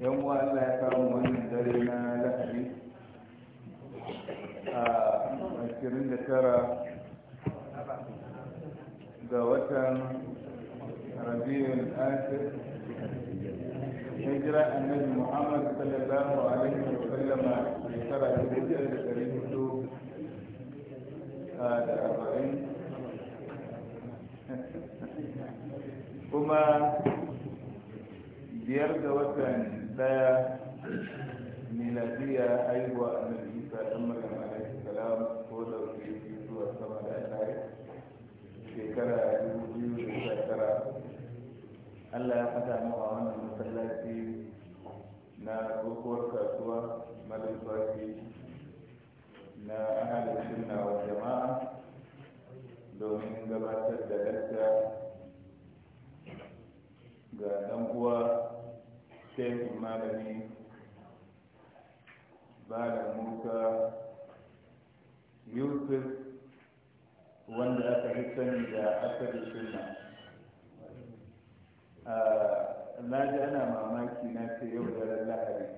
yan uwa Allah ya kawo wannan dare na lahadi a 29 ga watan rabiul akhir hijira annabi Muhammad sallallahu alaihi wa sallam shekara 1400 da arba'in kuma biyar ga watan daya miladiya haihuwa annabi isa dan maryam alaihi salam ko da ke zuwa sama da ɗaya shekara dubu biyu da allah ya fata mu a wannan masallaci na tsohuwar kasuwa malumfashi na ahalin sunna wa jama'a domin gabatar da yadda ga ɗan uwa shehin malami Bada musa yusuf wanda aka fi sani da asali suna ah, na ji ana mamaki na ce yau da lahari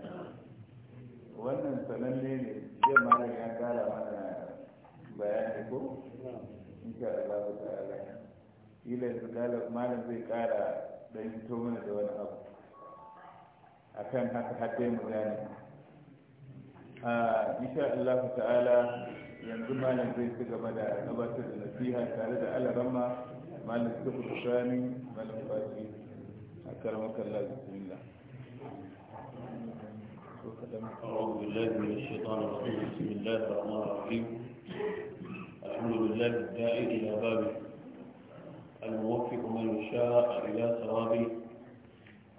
wannan sananne ne zai malam ya kara mana bayani ko insha Allah ta'ala ila yanzu malam zai kara dan hito mana da wani abu akan haka haɗe mu gane a insha Allah ta'ala yanzu malam zai ci gaba da gabatar da nasiha tare da alarama malam sufur sani malam fasi a karamar Allah bismillah أعوذ بالله من الشيطان الرجيم بسم الله الرحمن الرحيم الحمد لله الداعي إلى بابه الموفق من يشاء إلى ثوابه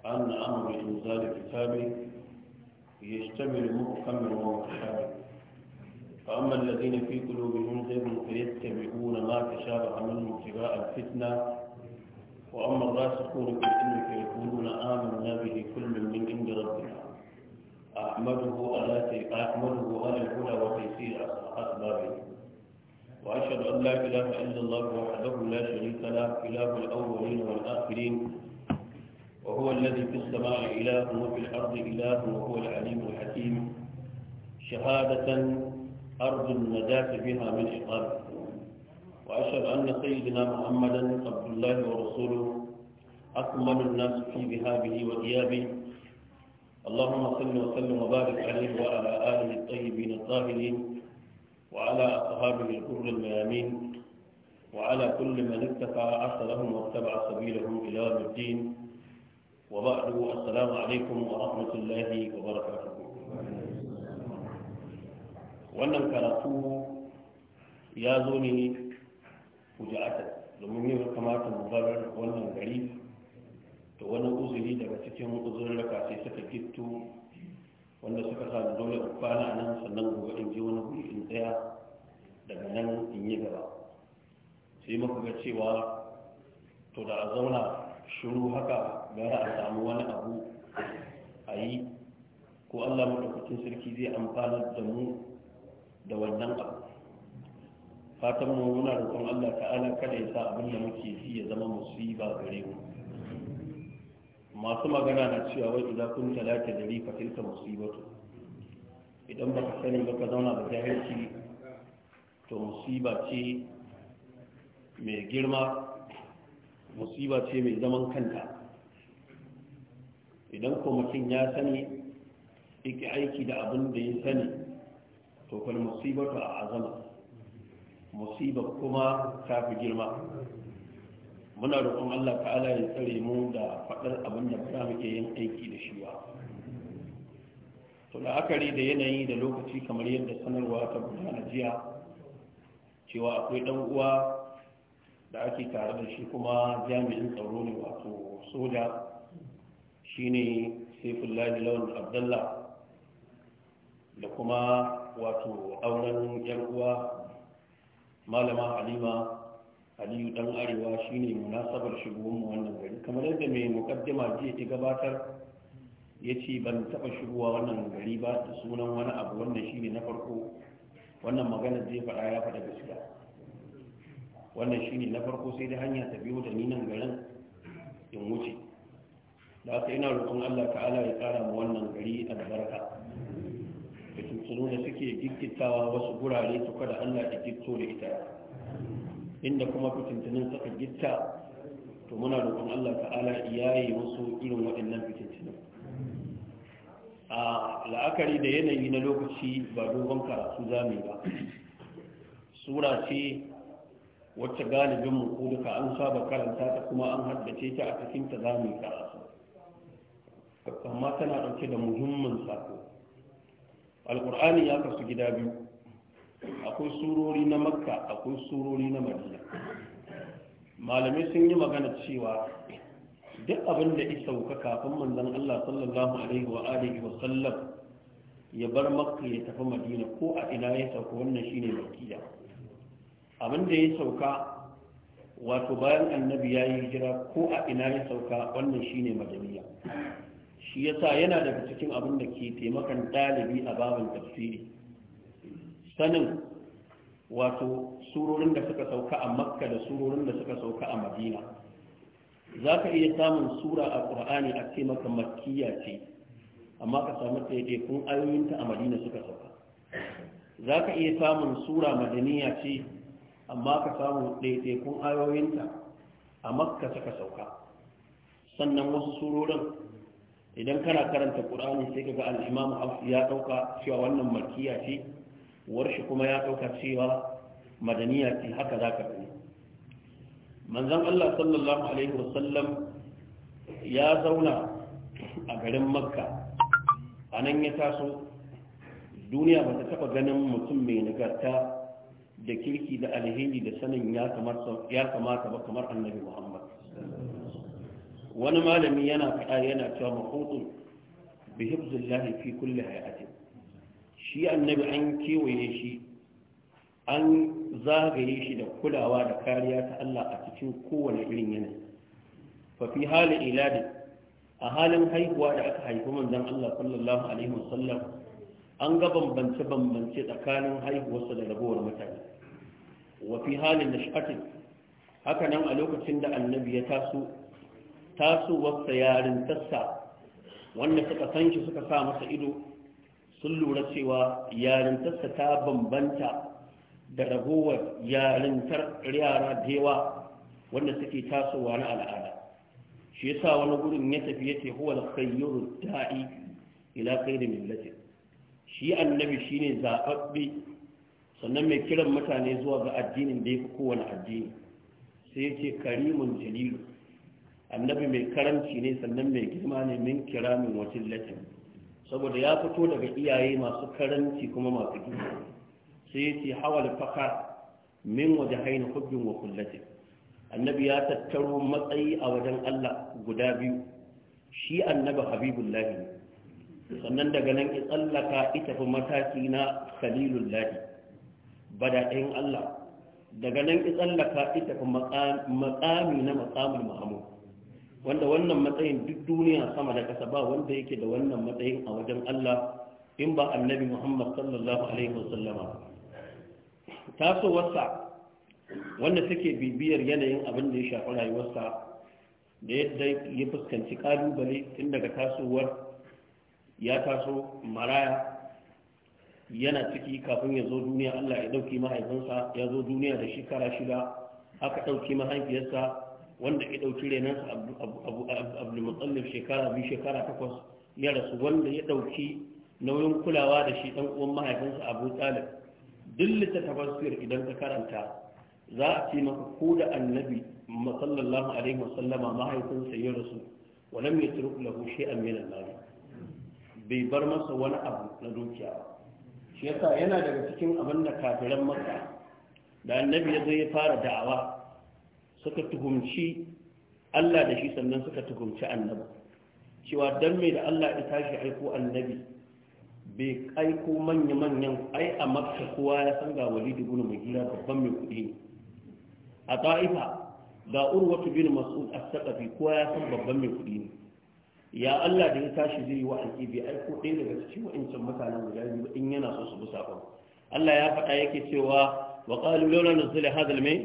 أن أمر إنزال كتابه يشتمل محكم ومتشابه فأما الذين في قلوبهم زيغ فيتبعون ما تشابه منه ابتغاء الفتنة وأما الراسخون في العلم فيقولون آمنا به كل من عند ربنا أحمده على أحمده على الهدى وتيسير أسبابه وأشهد أن لا إله إلا الله وحده لا شريك له إله الأولين والآخرين وهو الذي في السماء إله وفي الأرض إله وهو العليم الحكيم شهادة أرض النجاة بها من عقاب وأشهد أن سيدنا محمدا عبد الله ورسوله أكمل الناس في ذهابه وإيابه اللهم صل وسلم وبارك عليه وعلى آله الطيبين الطاهرين وعلى أصحابه الكر الميامين وعلى كل من اتقى أثرهم واتبع سبيلهم إلى الدين وبعد السلام عليكم ورحمة الله وبركاته wannan karatu ya zo ne kuja'atar domin yau kamata mu bar wannan gari to wani uzuri daga cikin uzurraka sai suka gitto wanda suka sa da dole in kwana nan sannan gobe in je wani guri in tsaya daga nan in yi gaba sai muka ga cewa to da a zauna shiru haka gara a samu wani abu a yi ko allah maɗaukacin sarki zai amfana da mu da wannan abu fatan mu muna roƙon allah ta'ala kada ya sa abin da muke ji ya zama musiba gare mu masu magana na cewa wai idan kun talata da rifa tilka musibatu idan baka sani ba ka zauna da jahilci to musiba ce mai girma musiba ce mai zaman kanta idan ko mutum ya sani iki aiki da abin da ya sani to kan musiba a azama musiba kuma ta fi girma muna roƙon Allah ta'ala ya tsare mu da faɗar abin da ba muke yin aiki da shi ba to la'akari da yanayi da lokaci kamar yadda sanarwa ta gudana jiya cewa akwai ɗan uwa da ake tare da shi kuma jami'in tsaro ne wato soja shine saifullahi lawan abdallah da kuma wato auren yan uwa malama halima aliyu dan arewa shine munasabar shigowar wannan gari kamar yadda mai mukaddima jiya ta gabatar ya ce ban taɓa shigowa wannan gari ba da sunan wani abu wannan ne na farko wannan maganar zai faɗa ya faɗa gaskiya wannan shine na farko sai da hanya ta biyo da ni nan garin in wuce da haka ina roƙon Allah ta'ala ya ƙara mu wannan gari albarka da tuntuno da suke giggitawa wasu gurare su kada Allah ya gitto da ita inda kuma fitintunin suka gitta to muna roƙon Allah ta'ala ya yi musu irin waɗannan fitintunin a la'akari da yanayi na lokaci ba dogon karatu zame ba sura ce wacce galibin mu ko duka an saba karanta ta kuma an haddace ta a cikin ta za mu karatu amma tana ɗauke da muhimmin sako alƙur'ani ya kasu gida biyu akwai surori na makka akwai surori na madina malamai sun yi magana cewa duk abin da isa wuka kafin manzon Allah sallallahu alaihi wa alihi wa sallam ya bar makka ya tafi madina ko a ina ya sauka wannan shine Makiya? abin da ya sauka wato bayan annabi ya yi hijira ko a ina ya sauka wannan shi ne majamiya shi ya sa yana daga cikin abin da ke taimakan ɗalibi a babin tafsiri sanin wato surorin da suka sauka a makka da surorin da suka sauka a madina za ka iya samun sura a ƙur'ani a ce maka makkiya ce amma ka samu ɗaiɗaikun ayoyinta a madina suka sauka za ka iya samun sura madaniya ce amma ka samu ɗaiɗaikun ayoyinta a makka suka sauka sannan wasu surorin idan kana karanta ƙur'ani sai ka ga al'imamu ya ɗauka cewa wannan makiya ce warshi kuma ya ɗauka cewa madaniya ce haka za ka gani manzan allah sallallahu alaihi wasallam ya zauna a garin makka a nan ya taso duniya ba ta taɓa ganin mutum mai nagarta da kirki da alheri da sanin ya kamata ba kamar annabi muhammad wani malami yana faɗa yana cewa mahutun bi hibzillahi fi kulle hayati shi annabi an kewaye shi an zagaye shi da kulawa da kariya ta Allah a cikin kowane irin yanayi fa fi hali iladin a halin haihuwa da aka haifi manzon Allah sallallahu alaihi wasallam an ga bambance bambance tsakanin haihuwarsa da ragowar mutane Wafi fi halin nash'atin haka nan a lokacin da annabi ya taso tasowarsa yarin tassa wanda suka san shi suka sa masa ido sun lura cewa yarintarsa ta bambanta da ragowar yarintar yara da yawa wanda suke tasowa na al'ada shi yasa wani gurin ya tafi ya huwa al-khayru da'i ila da millati shi annabi shine zababbe sannan mai kiran mutane zuwa ga addinin da ya fi kowane addini sai ya ce karimun jalilu annabi mai karanci ne sannan mai girma ne min kiramin wajen latin saboda ya fito daga iyaye masu karanci kuma masu girma sai ya ce hawal faka min waje haina hubbin wa kullatin annabi ya tattaro matsayi a wajen allah guda biyu shi annabi habibullahi sannan daga nan ya tsallaka ita fi mataki na khalilullahi ɗayan Allah daga nan ki tsallaka ita kuma maƙami na maƙamul mahamu wanda wannan matsayin duk duniya sama da ƙasa ba wanda yake da wannan matsayin a wajen Allah in ba annabi Muhammad sallallahu alaihi taso wasa wanda take bibiyar yanayin abin da ya shafi rayuwarsa da yadda ya fuskanci ƙalubale tun daga tasowar ya taso maraya yana ciki kafin ya zo duniya Allah ya ɗauki mahaifinsa ya zo duniya da shekara shida aka ɗauki mahaifiyarsa wanda ya ɗauki renansa abdulmutsalif shekara biyu shekara takwas ya rasu wanda ya ɗauki nauyin kulawa da shi ɗan uwan mahaifinsa abu talib duk littattafan sir idan ka karanta za a ce maka ko da annabi sallallahu alaihi wasallama mahaifinsa ya rasu walam yatruk lahu shay'an min al bai bar masa wani abu na dukiya shi yasa yana daga cikin abin da kafiran makka da annabi ya zo ya fara da'awa suka tuhumci Allah da shi sannan suka tuhumci annabi cewa dan mai da Allah ya tashi aiko annabi bai aiko manya-manyan ai a makka kowa ya san ga walidu gunu mai babban mai kuɗi ne a ta'ifa ga urwatu bin mas'ud as-saqafi kowa ya san babban mai kuɗi ne ya Allah da ya tashi zai yi wa alƙibi ai ko ɗaya daga cikin wa'ancan mutanen guda biyu in yana so su bi saƙon Allah ya faɗa yake cewa wa qalu lawla nuzila hadha al-may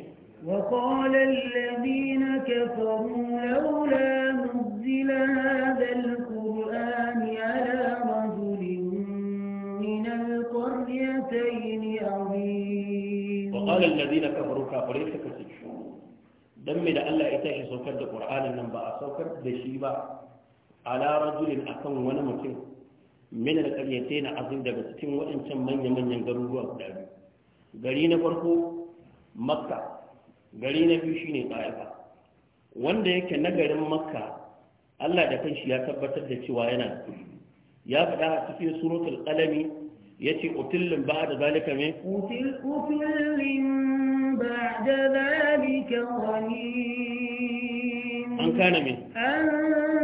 wa qala alladhina kafaru lawla nuzila hadha al-qur'an ala rajulin min al-qaryatayn azim wa qala alladhina kafaru kafaru suka ce dan me da Allah ya tashi saukar da Qur'anin nan ba a saukar da shi ba ala rajulin akan wani mutum min da ƙaryace na azin daga cikin waɗancan manya-manyan garuruwa guda biyu gari na farko makka gari na biyu shine ta'ifa wanda yake na garin makka Allah da kanshi ya tabbatar da cewa yana kuɗi ya faɗa a cikin suratul qalami yace utillin ba'da zalika me util utillin ba'da zalika wani an kana me an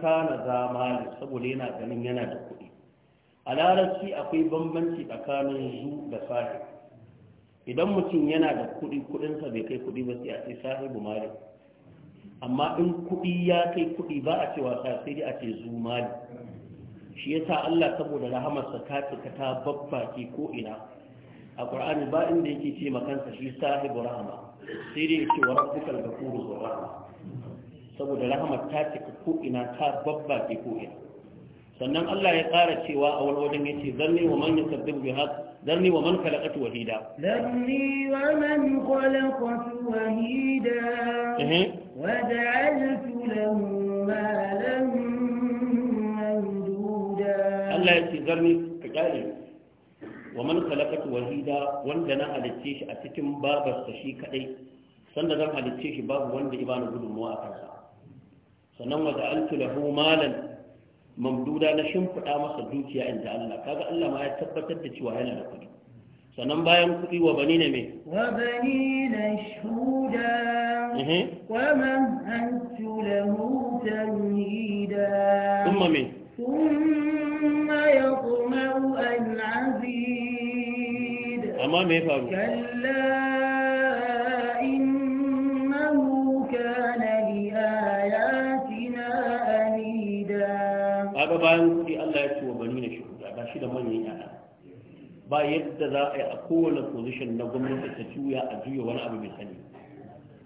kana zamani saboda yana ganin yana da kuɗi a larabci akwai bambanci tsakanin zu da sahib idan mutum yana da kuɗi kuɗinsa bai kai kuɗi ba sai a ce sahibu mali amma in kuɗi ya kai kuɗi ba a ce wasa sai dai a ce zu mali shi yasa Allah saboda rahamarsa ta cika ta babbake ko ina a ƙur'ani, ba inda yake ce makansa shi sahibu rahama sai dai ya ce wa rabbukal ghafurur rahim saboda rahamar ta cika ko'ina ta babba ke ko'ina sannan Allah ya ƙara cewa a wani wajen ya ce zarni wa man yusabbihu bi haq zarni wa man khalaqatu wahida zarni wa man khalaqatu wahida wa ja'altu lahu malan mamduda Allah ya ce zarni ka kare wa man khalaqatu wahida wanda na halicce shi a cikin babarsa shi kadai sanda zan halicce shi babu wanda ibana gudunmuwa a kansa sannan wa ja'altu lahu malan mamduda na shimfiɗa masa dukiya inda Allah kaga Allah ma ya tabbatar da cewa yana da kuɗi sannan bayan kuɗi wa bani ne me wa bani na shuda wa man antu lahu tamhida kuma me kuma yaqma'u an azid amma me faru kalla kaga bayan kuɗi Allah ya ce wa bani na shuhuda ga shi da manyan yana ba yadda za a yi a kowane position na gwamnati ta juya a juya wani abu mai sani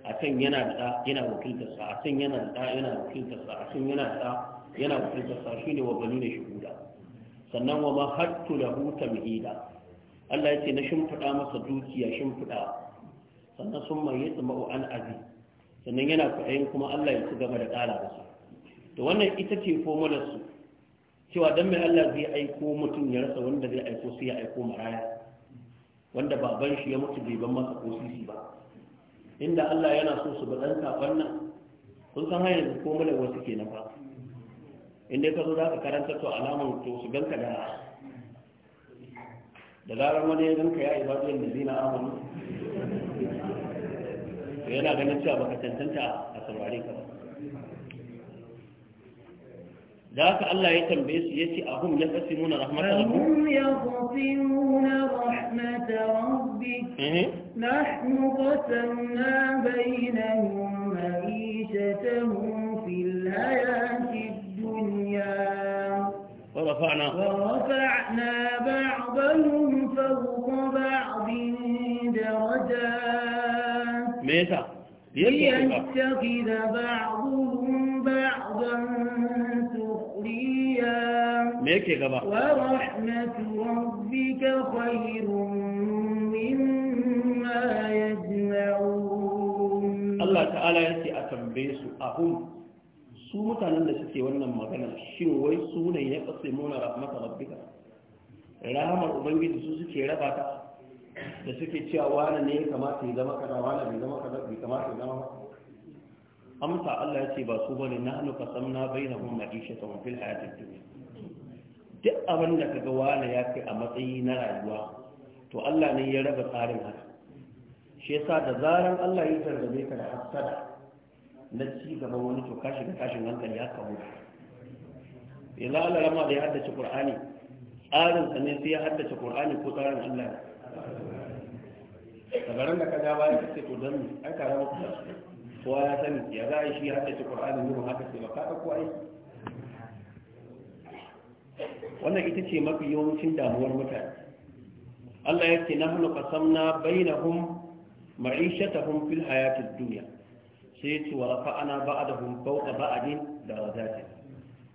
a can yana da yana wakiltar sa a can yana da yana wakiltar sa a can yana da yana wakiltar sa Shi ne wa bani na shuhuda sannan wa ma hattu lahu tamhida Allah ya ce na shimfiɗa masa dukiya shimfiɗa sannan sun mai yadda ma'u'an abi sannan yana kuɗayin kuma Allah ya ci gaba da ƙara masa to wannan ita ce formularsu cewa dan mai Allah zai aiko mutum ya rasa wanda zai aiko sai ya aiko maraya wanda baban shi ya mutu bai ban masa ko sisi ba inda Allah yana so su badan kafan nan kun san hanyar ko mala wasu ke na fa inda ka zo zaka karanta to alaman to su ganka da da zarar wani ya ganka ya ibadu da zina amanu yana ganin cewa baka tantanta a saurare ka ba ذاك الله بيس يسي أهم يقسمون رحمة ربك أهم يقسمون رحمة ربك نحن قسمنا بينهم معيشتهم في الحياة الدنيا ورفعنا ورفعنا بعضهم فوق بعض درجات ميتا ليتخذ بعضهم بعضا me مقضيا ورحمة ربك خير مما يجمعون الله تعالى يأتي a أهم su mutanen da suke wannan magana shin wai su ne ya kasa mona rahmata rabbika rahamar ubangiji su suke raba ta da suke cewa wani ne ya kamata ya zama kaza wani bai zama kaza bai kamata ya zama kaza amsa Allah ya ce ba su bane na hannu kasamna bainahum ma'ishatahum fil hayatid dunya duk abin da kaga wani ya fi a matsayi na rayuwa to Allah ne ya raba tsarin haka shi yasa da zaran Allah ya tarbabe ka da hasada na ci gaban wani to kashi da kashin hankali ya kawo Ya lalala rama da ya haddace Qur'ani tsarin sa ne sai ya haddace Qur'ani ko tsarin Allah ne da garin da ka ga bayan ka ce to dan ai ka raba ku kowa ya sani ya za a shi da shi ƙur'anin wurin haka ce maka ɗauko aiki wannan ita ce mafi yawancin damuwar mutane Allah ya ce na qasamna bainahum ma'ishatahum fil hayatid dunya sai ce wa rafa'ana ba'dahum fawqa ba'din darajatin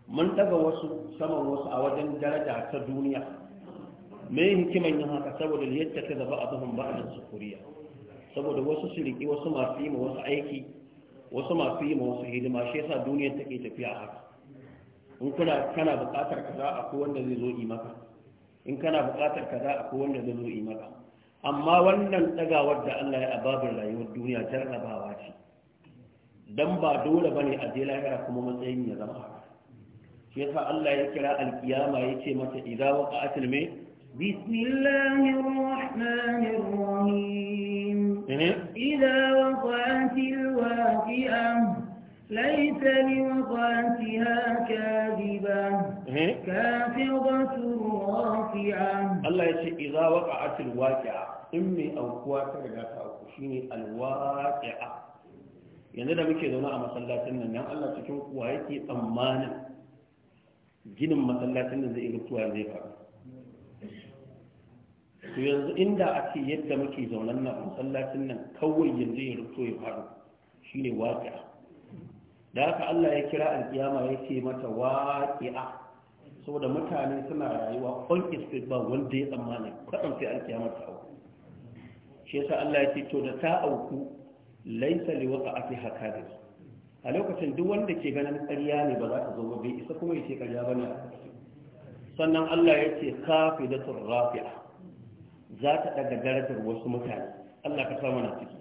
mun daga wasu saman wasu a wajen daraja ta duniya me hikimar yin haka saboda liyatta ba ba'dahum ba'dan sufuriya? saboda wasu su wasu masu yi ma wasu aiki wasu masu yi ma wasu hidima shi yasa duniyar take tafiya haka in kuna kana buƙatar kaza ko wanda zai zo yi maka in kana buƙatar kaza ko wanda zai zo yi maka amma wannan tsagawar da Allah ya ababin rayuwar duniya jarrabawa ce dan ba dole bane a je lahira kuma matsayin ya zama haka shi yasa Allah ya kira alkiyama yace mata idza waqa'atil mai بسم الله الرحمن الرحيم إذا وقعت الواقعة ليس لوقعتها كاذبة كافضة رافعة الله يشيء إذا وقعت الواقعة إمي أو كواتر جاتا أو كشيني الواقعة yanzu da muke zaune a masallacin nan dan Allah cikin kuwa yake tsammanin ginin masallacin nan zai rutuwa zai faru to yanzu inda a ce yadda muke zaunan nan masallacin nan kawai yanzu ya rufto ya faru ne waqi'a da haka Allah ya kira alkiyama ya ce mata waqi'a saboda mutane suna rayuwa on estate ba wanda ya tsammani kwadan sai alkiyama ta auku shi yasa Allah ya ce to da ta auku laisa liwaqa'atiha kadhib a lokacin duk wanda ke ganin ƙarya ne ba za ta zo ba bai isa kuma ya ce ƙarya bane sannan Allah ya ce kafidatur rafi'a za ta ɗaga darajar wasu mutane Allah ka samu na ciki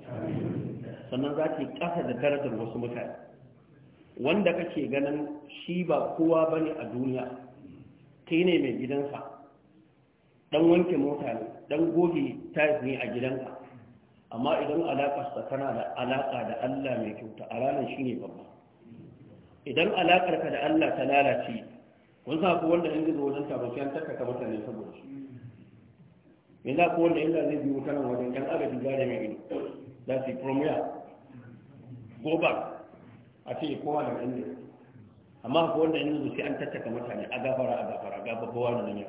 sannan za ta yi ƙasa da darajar wasu mutane wanda kake ganin shi ba kowa ba ne a duniya kai ne mai gidansa Ɗan wanke mota ne goge goge tayis ne a gidanka amma idan alaƙarsa tana da alaƙa da Allah mai kyauta a ranar shi ne babba idan alaƙarka da Allah ta lalace sa ku wanda in da wajen tabbaciyar takaka mutane saboda shi yanzu ko wanda illa zai biyo kana wajen kan agaji zare mai ido da su yi promoya go back a ce kowa da inda amma ko wanda yanzu sai an tattaka mutane a gafara a gafara gaba babbawa da nan ya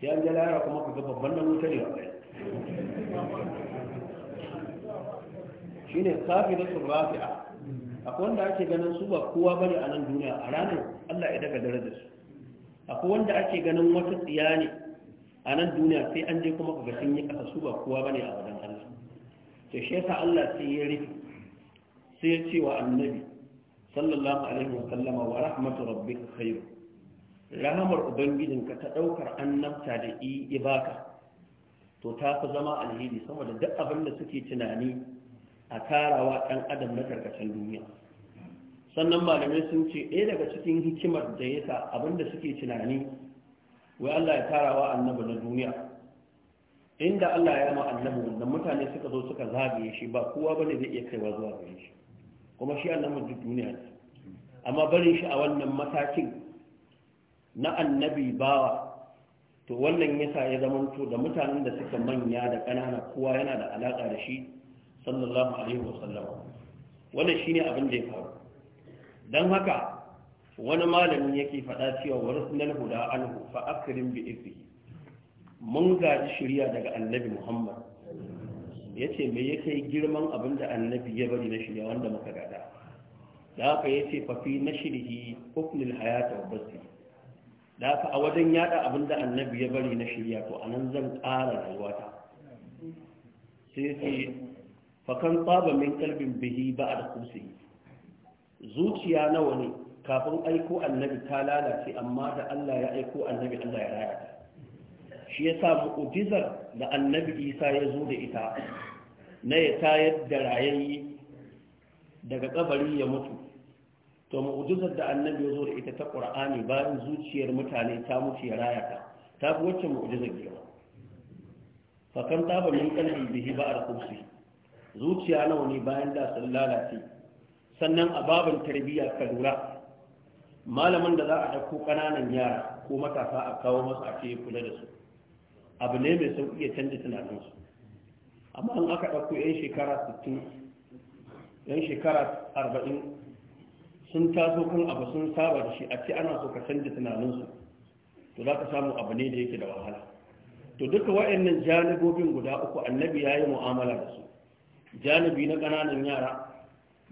sai an jala yara kuma ka ga babban nan wuta ne wa shi ne safi da su rafi'a akwai wanda ake ganin su ba kowa bane a nan duniya a ranar allah ya daga darajar su akwai wanda ake ganin wata tsiya ne a nan duniya sai an je kuma kaga sun yi kasa su ba kowa bane a wajen Allah to shi yasa Allah sai ya rufe sai ya ce wa annabi sallallahu alaihi wa sallama wa rahmatu rabbika khairu rahamar ubangijinka ta daukar annabta da i ibaka to ta fi zama alheri saboda duk abin da suke tunani a tarawa ɗan adam na karkashin duniya sannan malamai sun ce ɗaya daga cikin hikimar da ya sa abin da suke tunani wai Allah ya wa annabi na duniya inda Allah ya ma annabi wanda mutane suka zo suka zabe shi ba kowa bane zai iya kaiwa zuwa gare shi kuma shi annabi duk duniya ne amma barin shi a wannan matakin na annabi bawa to wannan yasa ya zama to da mutanen da suka manya da ƙanana kowa yana da alaka da shi sallallahu alaihi wasallam wannan shine abin da ya faru don haka wani malami yake faɗa cewa warasnal huda anhu fa akrim bi ifihi mun gaji shirya daga annabi muhammad yace me yake girman abin da annabi ya bari na shirya wanda muka gada da haka yace fa fi nashrihi hukmul hayata wa basri da haka a wajen yada abin da annabi ya bari na shirya to anan zan ƙara rayuwata sai yace fa kan tsaba min kalbin bihi ba'da kusi zuciya nawa ne kafin aiko annabi ta lalace amma da Allah ya aiko annabi Allah ya raya shi yasa mu'jizar da annabi Isa ya zo da ita na ya tayar da rayayi daga kabari ya mutu to mu'jizar da annabi ya zo da ita ta qur'ani bayan zuciyar mutane ta mutu ya raya ta ta fi wacce mu'jizar girma fa kan taba min qalbi bihi ba'ar kursi zuciya nawa ne bayan da sun lalace sannan a babin tarbiyya ka lura malamin da za a ɗauko ƙananan yara ko matasa a kawo masu a ce kula da su abu ne mai sauƙi ya canza tunaninsu amma in aka ɗauko 'yan shekara 60 'yan shekara 40 sun taso kan abu sun saba da shi a ce ana so ka canza tunaninsu to za ka samu abu ne da yake da wahala to duka wa'annan janibobin guda uku annabi ya yi mu'amala da su janibi na ƙananan yara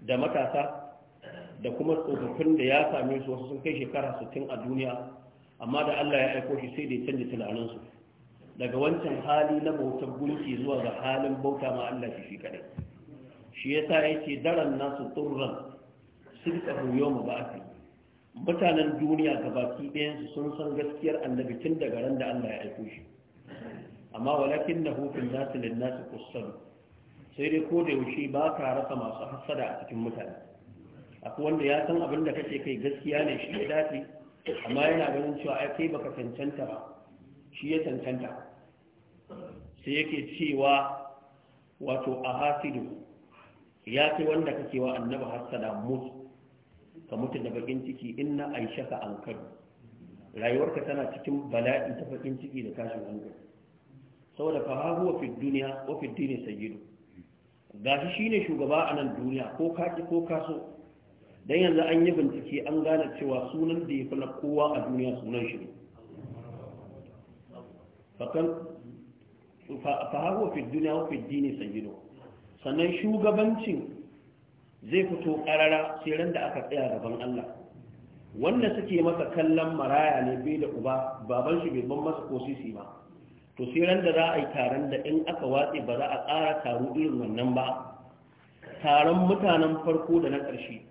da matasa da kuma tsofaffin da ya same su wasu sun kai shekara 60 a duniya amma da Allah ya aiko shi sai da ya canza tunaninsu daga wancan hali na bautar gunki zuwa ga halin bauta ma Allah shi kadai shi yasa yake daren nasu turran sun tsahu yau mu ba'afi mutanen duniya baki ɗayansu sun san gaskiyar annabi tun daga ran da Allah ya aiko shi amma walakin na hufin nasu lin nasu sai dai ko da yaushe ba ka rasa masu hasada a cikin mutane akwai wanda ya san abin da kake kai gaskiya ne shi ya dace amma yana ganin cewa ai kai baka cancanta ba shi ya cancanta sai yake cewa wato a hasidu ya ce wanda kake wa annaba hasada mutu ka mutu da bakin ciki inna aisha ka an rayuwarka tana cikin bala'i ta bakin ciki da tashin hankali saboda fa huwa fi duniya wa fi dini sayyidu gashi shine shugaba a nan duniya ko ka ko ka so dan yanzu an yi bincike an gane cewa sunan da ya fi na kowa a duniya sunan shi ne Fa fahawo fi duniya wa fi dini sayyido sannan shugabancin zai fito karara sai ran da aka tsaya gaban Allah wanda suke masa kallon maraya ne bai da uba baban shi bai ban masa ko ba to sai ran da za a yi taron da in aka watse ba za a ƙara taro irin wannan ba taron mutanen farko da na ƙarshe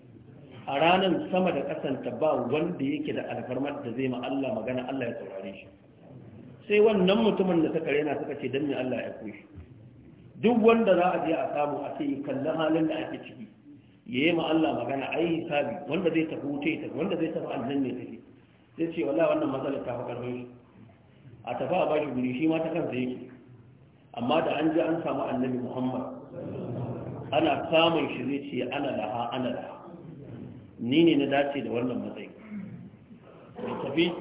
a ranar sama da kasanta ba wanda yake da alfarmar da zai ma Allah magana Allah ya saurare shi sai wannan mutumin da ta kare suka ce dan me Allah ya koyi duk wanda za a je a samu a sai kallon halin da ake ciki yayi ma Allah magana ai hisabi wanda zai tafi wuce ta wanda zai tafi aljanna take zai ce wallahi wannan matsalar ta fakar shi. a tafi a bashi guri shi ma ta kansa yake amma da an je an samu annabi Muhammad ana samun shi zai ce ana laha ana laha ni ne na dace da wannan matsayi da tafi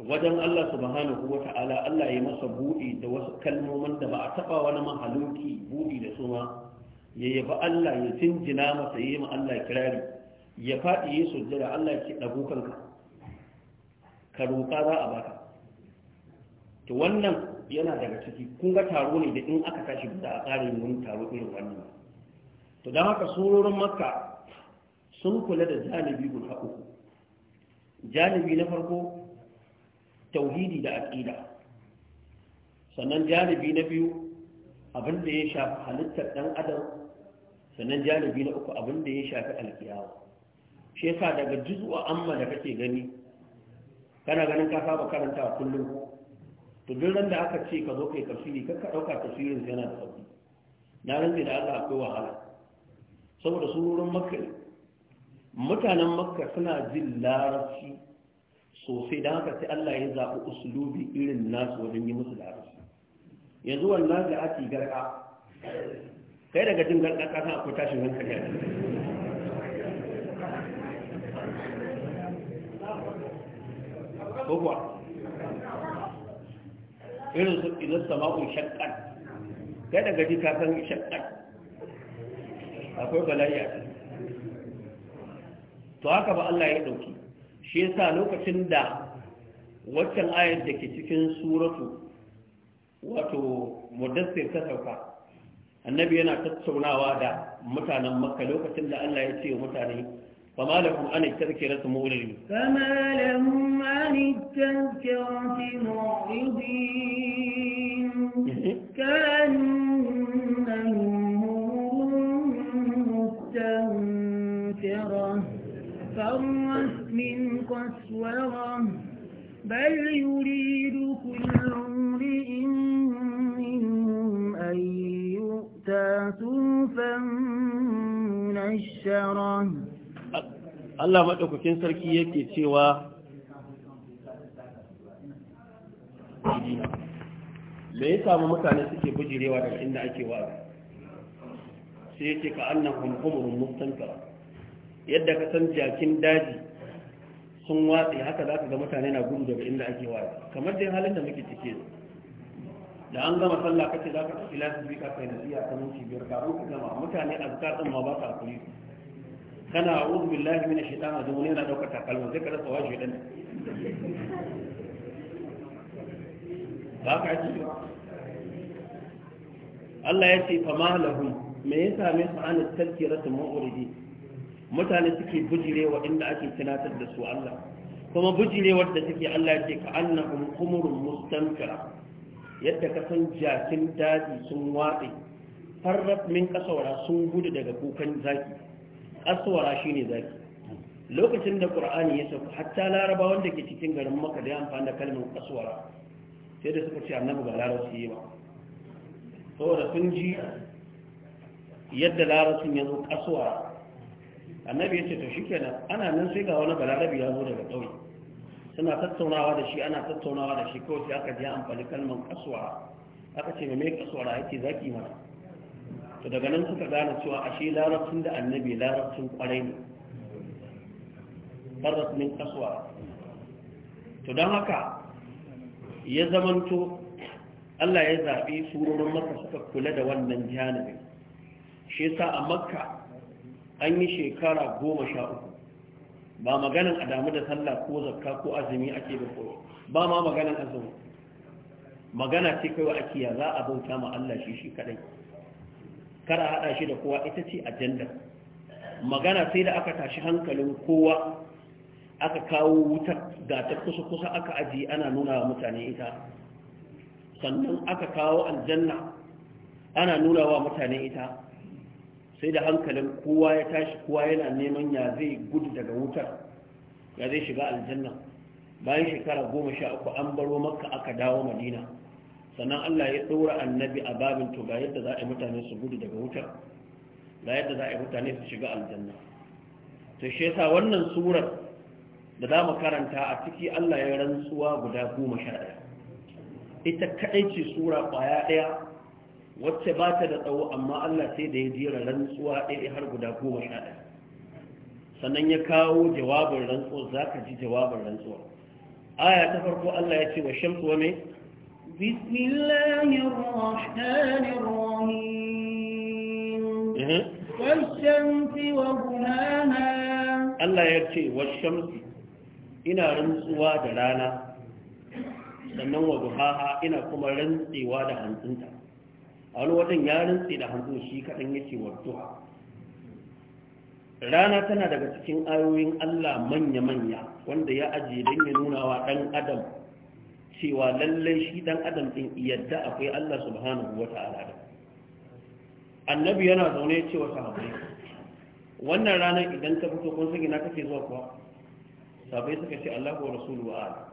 wajen Allah subhanahu wa ta'ala Allah ya masa buɗi da wasu kalmomin da ba a taɓa wani mahaluki buɗi da su ma ya yaba Allah ya tinjina masa yi ma Allah kirari ya faɗi ya sujjada Allah ki ɗago kanka ka roƙa za a baka to wannan yana daga ciki kunga taro ne da in aka tashi da a ƙara yin wani taro irin wannan to don haka surorin makka sun kula da janibi guda uku janibi na farko tauhidi da aƙida sannan janibi na biyu abin da ya shafi halittar dan adam sannan janibi na uku abin da ya shafi alkiyawa shi yasa daga juzuwa amma da kake gani kana ganin ka saba karanta kullum to duk randa da aka ce ka zo kai tafsiri kar ka ɗauka tafsirin yana da sauki na rantsi da Allah akwai wahala saboda surorin makka mutanen makka suna jin larabci sosai don haka sai Allah ya zaɓi usulubi irin nasu wajen yi musu larabci yanzu wannan da ake garka kai daga jin garka kasa san akwai tashin hankali ko kuwa irin su ilar sama'u shakkan kai daga ji ka san shakkan akwai bala'i a cikin to haka ba Allah ya ɗauki shi yasa lokacin da waccan ayar da ke cikin suratu wato mudassir ta sauka annabi yana tattaunawa da mutanen makka lokacin da Allah ya ce wa mutane فما لهم عن التذكرة مؤلمين فما لهم عن التذكرة معرضين كأن فرت من قسورة بل يريد كل امرئ منهم أن يؤتى سوفا منشرا Allah maɗaukakin sarki yake cewa me ya samu mutane suke bujirewa daga inda ake wa sai yake ka annan humhumurin mustantara yadda ka san jakin daji sun watsi haka za ka ga mutane na gudu daga inda ake waya kamar dai halin da muke cike da an gama sallah kace za ka tafi lafi ka kai iya ta minti biyar ka ka gama mutane a din ma ba ka kuri. kana a'udhu billahi minash shaitani rajim ne yana daukar takalma sai ka rasa wa dan ba ka ji Allah ya ce fama lahum me ya same su an tazkiratu mu'ridi mutane suke bujirewa inda ake tunatar da su Allah kuma bujirewar da suke Allah ce ka annahum umurun mustankara yadda ka san jakin daji sun watsi farraf min kasawara sun gudu daga kukan zaki kasawara shine zaki lokacin da qur'ani ya sauka hatta laraba wanda ke cikin garin maka da amfani da kalmar kasawara sai da suka ce annabi ga larabci yi ba saboda sun ji yadda larabcin ya zo kasawara annabi ya ce to shikenan ana nan sai ga wani balarabi ya zo daga ƙauye suna tattaunawa da shi ana tattaunawa da shi kawai sai aka je amfani kalmar kasuwa aka ce mai kasuwa yake zaki mana to daga nan suka gane cewa ashe larabcin da annabi larabcin kwarai ne min kasuwa to don haka ya zamanto Allah ya zaɓi surorin maka suka kula da wannan jihanabin shi sa a makka an yi shekara goma sha uku ba maganin a damu da sallah ko zakka ko azumi ake da koyo ba ma maganin azumi magana ce wa ake ya za a bauta ma Allah shi shi kadai kar a hada shi da kowa ita ce ajanda magana sai da aka tashi hankalin kowa aka kawo wuta ga ta kusa kusa aka aji ana nuna wa mutane ita sannan aka kawo aljanna ana nuna wa mutane ita sai da hankalin kowa ya tashi kowa yana neman ya zai gudu daga wutar ya zai shiga aljanna bayan shekara goma sha uku an baro maka aka dawo madina sannan allah ya ɗora annabi a babin to ga yadda za a yi mutane su gudu daga wutar ga yadda za a yi mutane su shiga aljanna to shi yasa wannan surar da za mu karanta a ciki allah ya rantsuwa guda goma sha ɗaya ita kaɗai ce sura ƙwaya ɗaya wacce ba ta da tsawo amma Allah sai da ya jera rantsuwa ɗaya har guda goma sha ɗaya sannan ya kawo jawabin rantsuwa za ka ji jawabin rantsuwa aya ta farko Allah ya ce wa shamsu wa mai mhm. Allah ya ce wa shamsu ina rantsuwa da rana sannan wa duhaha ina kuma rantsewa da hantsinta a wani wajen ya rintse da hannun shi kaɗan yake wato rana tana daga cikin ayoyin Allah manya-manya wanda ya ajiye don ya nuna wa ɗan adam cewa lallai shi ɗan adam ɗin yadda akwai Allah subhanahu wa ta'ala da annabi yana zaune cewa sahabbai wannan ranar idan ta fito kun sanya na kake zuwa kuwa sabai suka ce Allah wa rasulu wa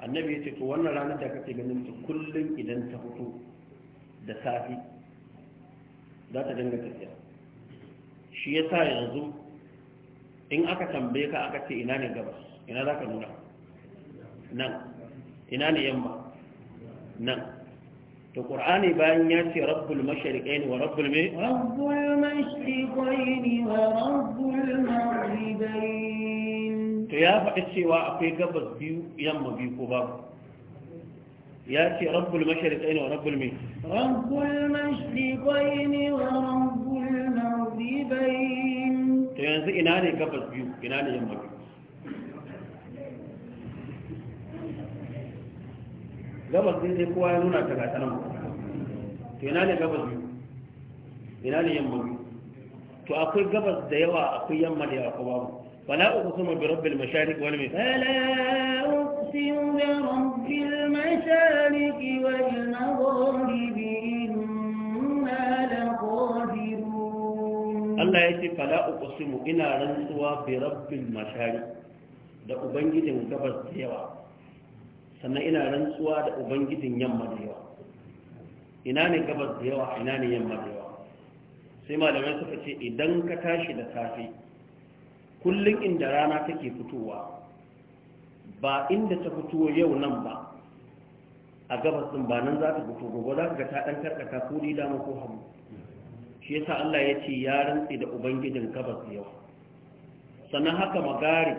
annabi ya ce to wannan ranar da kake ganin ta kullum idan ta fito da safi za ta dinga tafiya shi ya sa yanzu in aka tambaye ka aka ce ina ne gabas ina za ka nuna nan ina ne yamma nan to qur'ani bayan ya ce rabbul ne wa rabbul me rabbul mashriqaini wa rabbul maghribain to ya faɗi cewa akwai gabas biyu yamma biyu ko babu ya ce rabbul mashriqaini wa rabbul min rabbul mashriqaini wa rabbul maghribain to yanzu ina ne gabas biyu ina ne yamma biyu gabas din sai kowa ya nuna ta gasa sanan to ina ne gabas biyu ina ne yamma biyu to akwai gabas da yawa akwai yamma da yawa ko babu fala uqsimu bi rabbil mashariq wal maghrib fala تستغفر لرب المشارق والمغارب إنا لقادرون الله يتي فلا أقسم da ubangijin gabas da yawa sannan ina rantsuwa da ubangijin yamma da yawa ina ne gabas da yawa ina ne yamma da yawa sai malamai suka ce idan ka tashi da safe kullum inda rana take fitowa ba inda ta fito yau nan ba a gabas din ba nan za ta fito gobe za ka ga ta dan karkata ko ni dama ko hamu shi yasa Allah ya ce ya rantsi da ubangijin gabas yau sannan haka magari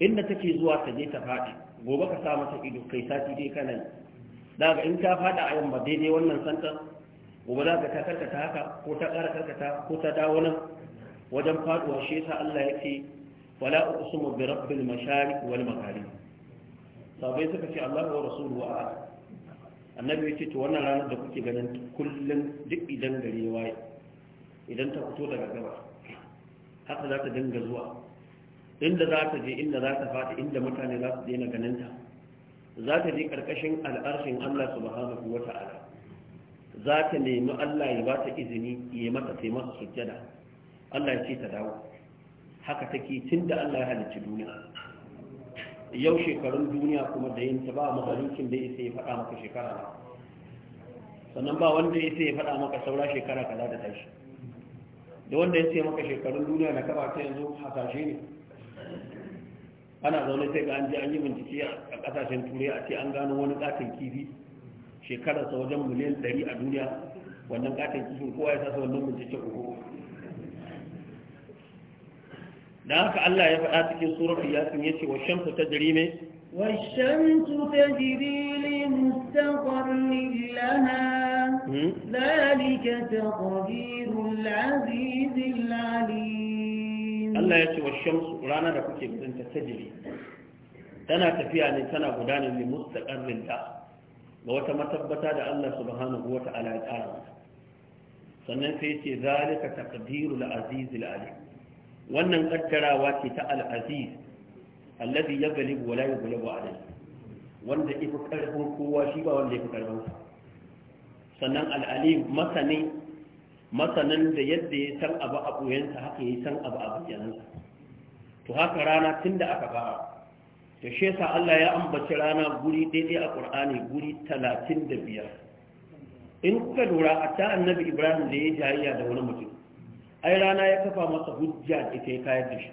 inda take zuwa ta je ta faɗi gobe ka sa mata ido kai sati dai kana yi daga in ta faɗa a yamma daidai wannan santar gobe za ka ta karkata haka ko ta ƙara karkata ko ta dawo nan wajen faɗuwa shi yasa Allah ya ce wala uqsimu bi rabbil mashariq wal magharib sabai suka ce Allah wa rasuluhu a annabi ya ce to wannan ranar da kuke ganin kullum duk idan gari ya waye idan ta fito daga gaba haka za ta dinga zuwa inda za ta je inda za ta fata inda mutane za su daina ganin ta za ta je karkashin al'arshin Allah subhanahu wa ta'ala za ta nemi Allah ya ba ta izini ya mata taimaka sujjada Allah ya ce ta dawo haka take tun da Allah ya halicci duniya yau shekarun duniya kuma da yinta ba mahalukin da isa ya faɗa maka shekara ba sannan ba wanda isa ya faɗa maka saura shekara kaza da tashi da wanda ya maka shekarun duniya da kaba ta yanzu hasashe ne ana zaune sai ga an je an yi bincike a ƙasashen turai a ce an gano wani katin kifi shekararsa wajen miliyan ɗari a duniya wannan katin kifin kowa ya sasa wannan bincike uku da haka Allah ya faɗa cikin suratul yasin yace wa shamsu tajri me wa shamsu tajri li mustaqarrin laha hmm? zalika taqdirul azizil alim Allah yace wa shamsu rana da kuke ganin ta tajri tana tafiya ne tana gudanar li mustaqarrin ta ga wata matabbata da Allah subhanahu wata'ala ya tsara sannan sai yace zalika taqdirul azizil alim wannan kaddarawa ce ta al-aziz ya yaghlibu wa la yughlabu alayhi wanda ifi karfin kowa shi ba wanda yafi karfin sa sannan al-alim masani masanan da yadda ya san abu a koyansa haka ya san abu a bayyanansa to haka rana tunda aka fara da shi Allah ya ambaci rana guri daidai a Qur'ani guri 35 in kuka lura a ta annabi Ibrahim da ya jariya da wani mutum ai rana ya kafa masa hujja da ke kayar da shi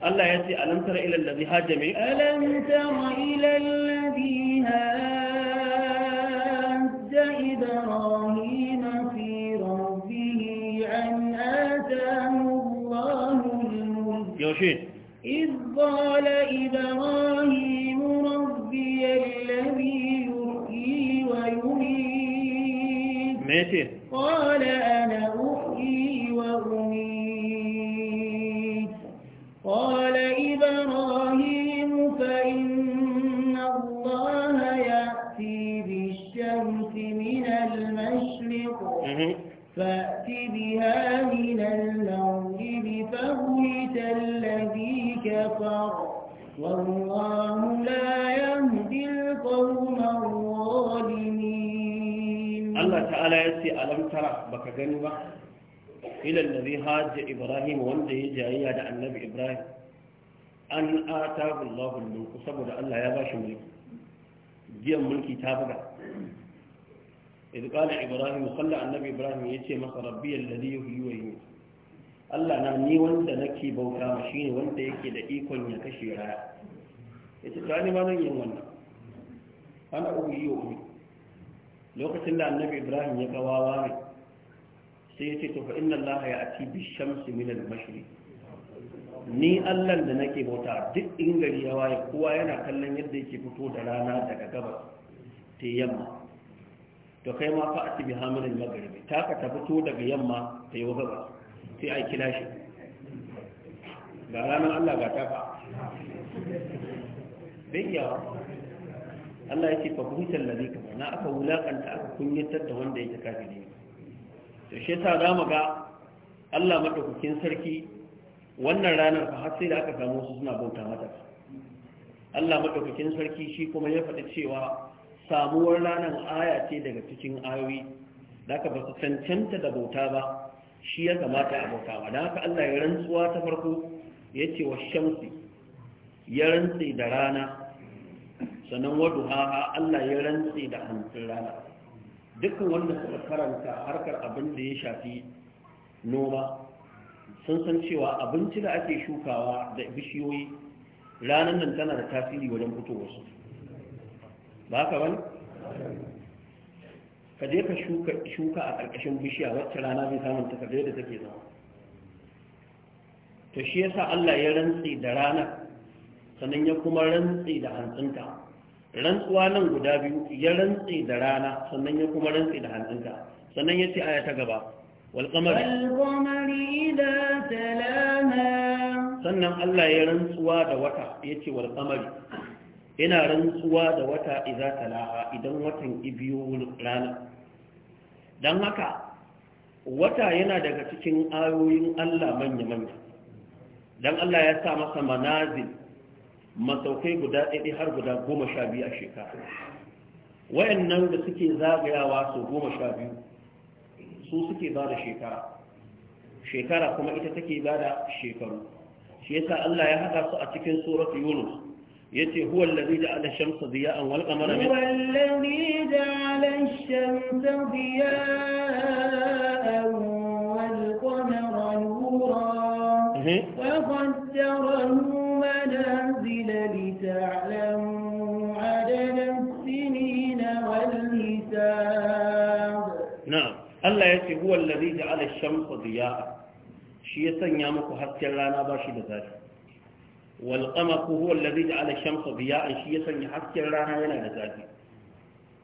Allah ya ce alam tara ila allazi haja alam tara ila allazi haja ibrahim fi rabbihi an atahu Allahu al-mulk إذ قال إبراهيم ربي الذي يحيي ويميت قال فأت بها من المغرب فبهت الذي كفر والله لا يهدي القوم الظالمين الله تعالى يسي ألم ترى بك جنبه إلى الذي هاج إبراهيم وانده جاية عن النبي إبراهيم أن آتاه الله الملك سبب الله يباشر ملك جيم ملكي تابعه idh qala ibrahim salla annabi ibrahim yace masa rabbi alladhi yuhyi wa yumiit Allah na wanda nake bauta ma shine wanda yake da ikon ya kashe raya yace ma nan wannan ana uyi wa uyi lokacin da annabi ibrahim ya kawawa ne sai ya ce shamsi min al ni allah da nake bauta duk in gari ya waye kowa yana kallon yadda yake fito da rana daga gabas ta yamma to kai ma fa ati bi hamilin magaribi ta ka ta fito daga yamma ta yi gaba sai a kira shi ga ranar Allah ga ta fa bai yawa Allah ya ce fa buhutan ladhi kafa na aka wulakanta aka kunyatar da wanda yake kafiri to shi yasa za mu ga Allah madaukakin sarki wannan ranar fa har sai da aka samu su suna bauta mata Allah madaukakin sarki shi kuma ya faɗi cewa samuwar ranar aya ce daga cikin ayoyi da aka ba su cancanta da bauta ba shi ya kamata a bauta ba da haka Allah ya rantsuwa ta farko ya ce wa shamsi ya rantsi da rana sannan wadu haha Allah ya rantsi da hantsin rana dukkan wanda suka karanta harkar abin da ya shafi noma sun san cewa abinci da ake shukawa da bishiyoyi ranar nan tana da tasiri wajen fitowarsu ba ka wani ka je ka shuka a ƙarƙashin bishiya wacce rana zai samun ta kaje da take zama Ta shi yasa Allah ya rantsi da rana sannan ya kuma rantsi da hantsinta rantsuwa nan guda biyu ya rantsi da rana sannan ya kuma rantsi da hantsinta sannan ya ce aya ta gaba والقمر والقمر إذا تلاها sannan Allah ya rantsuwa da wata yace wal qamari Ina rantsuwa da wata iza talaha idan watan ibiyo rana don haka wata yana daga cikin ayoyin Allah manya-manya don Allah ya sa masa manazil masaukai guda ɗaya har guda goma sha biyu a shekara wayannan da suke zagayawa su goma sha biyu su suke ba da shekara shekara kuma ita take ba da shekaru shi yasa Allah ya haɗa su a cikin tsoron yunus يتي هو الذي جعل الشمس ضياء والقمر نورا هو الذي جعل الشمس ضياء والقمر نورا وقدره منازل لتعلم عدد السنين والحساب نعم الله يتي هو الذي جعل الشمس ضياء شيئا يامك حتى لا نباشي بذلك Walƙama qamar huwa alladhi ja'ala ash-shamsa diya'an shi ya sanya hasken rana yana da zafi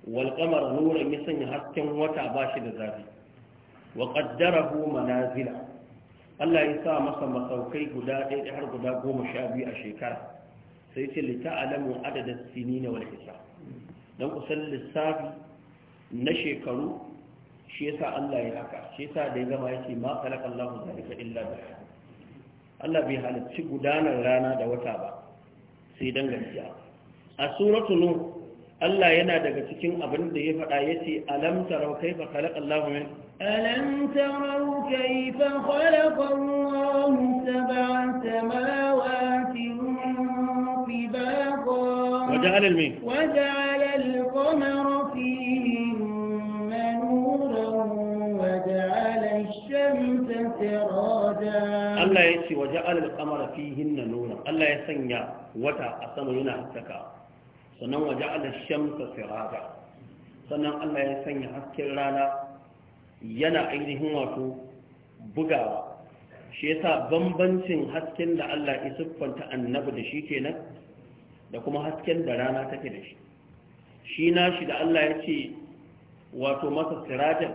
wal qamar nuran ya sanya hasken wata ba shi da zafi wa qaddarahu manazila Allah ya sa masa masaukai guda ɗaya har guda goma sha biyu a shekara sai ce alamun adadin sini na wal hisab don kusan lissafi na shekaru shi ya sa Allah ya haka shi sa da ya gama ce ma khalaqa Allahu zalika illa da shi. Allah bai halicci gudanar rana da wata ba sai dan gaskiya a suratu nu Allah yana daga cikin abin da ya faɗa ya ce alam tarau kaifa kalaƙa Allah min alam tarau kaifa khalaqa Allah ta samawati tibaqa waja'ala al-min waja'ala al-qamara Allah ya ce waje alal kamar fi hinna nuna Allah ya sanya wata a sama yana haskaka sannan waje alal shamsa siraja sannan Allah ya sanya hasken rana yana ainihin wato bugawa shi yasa bambancin hasken da Allah ya annabi da shi kenan da kuma hasken da rana take da shi shi nashi da Allah ya ce wato masa sirajan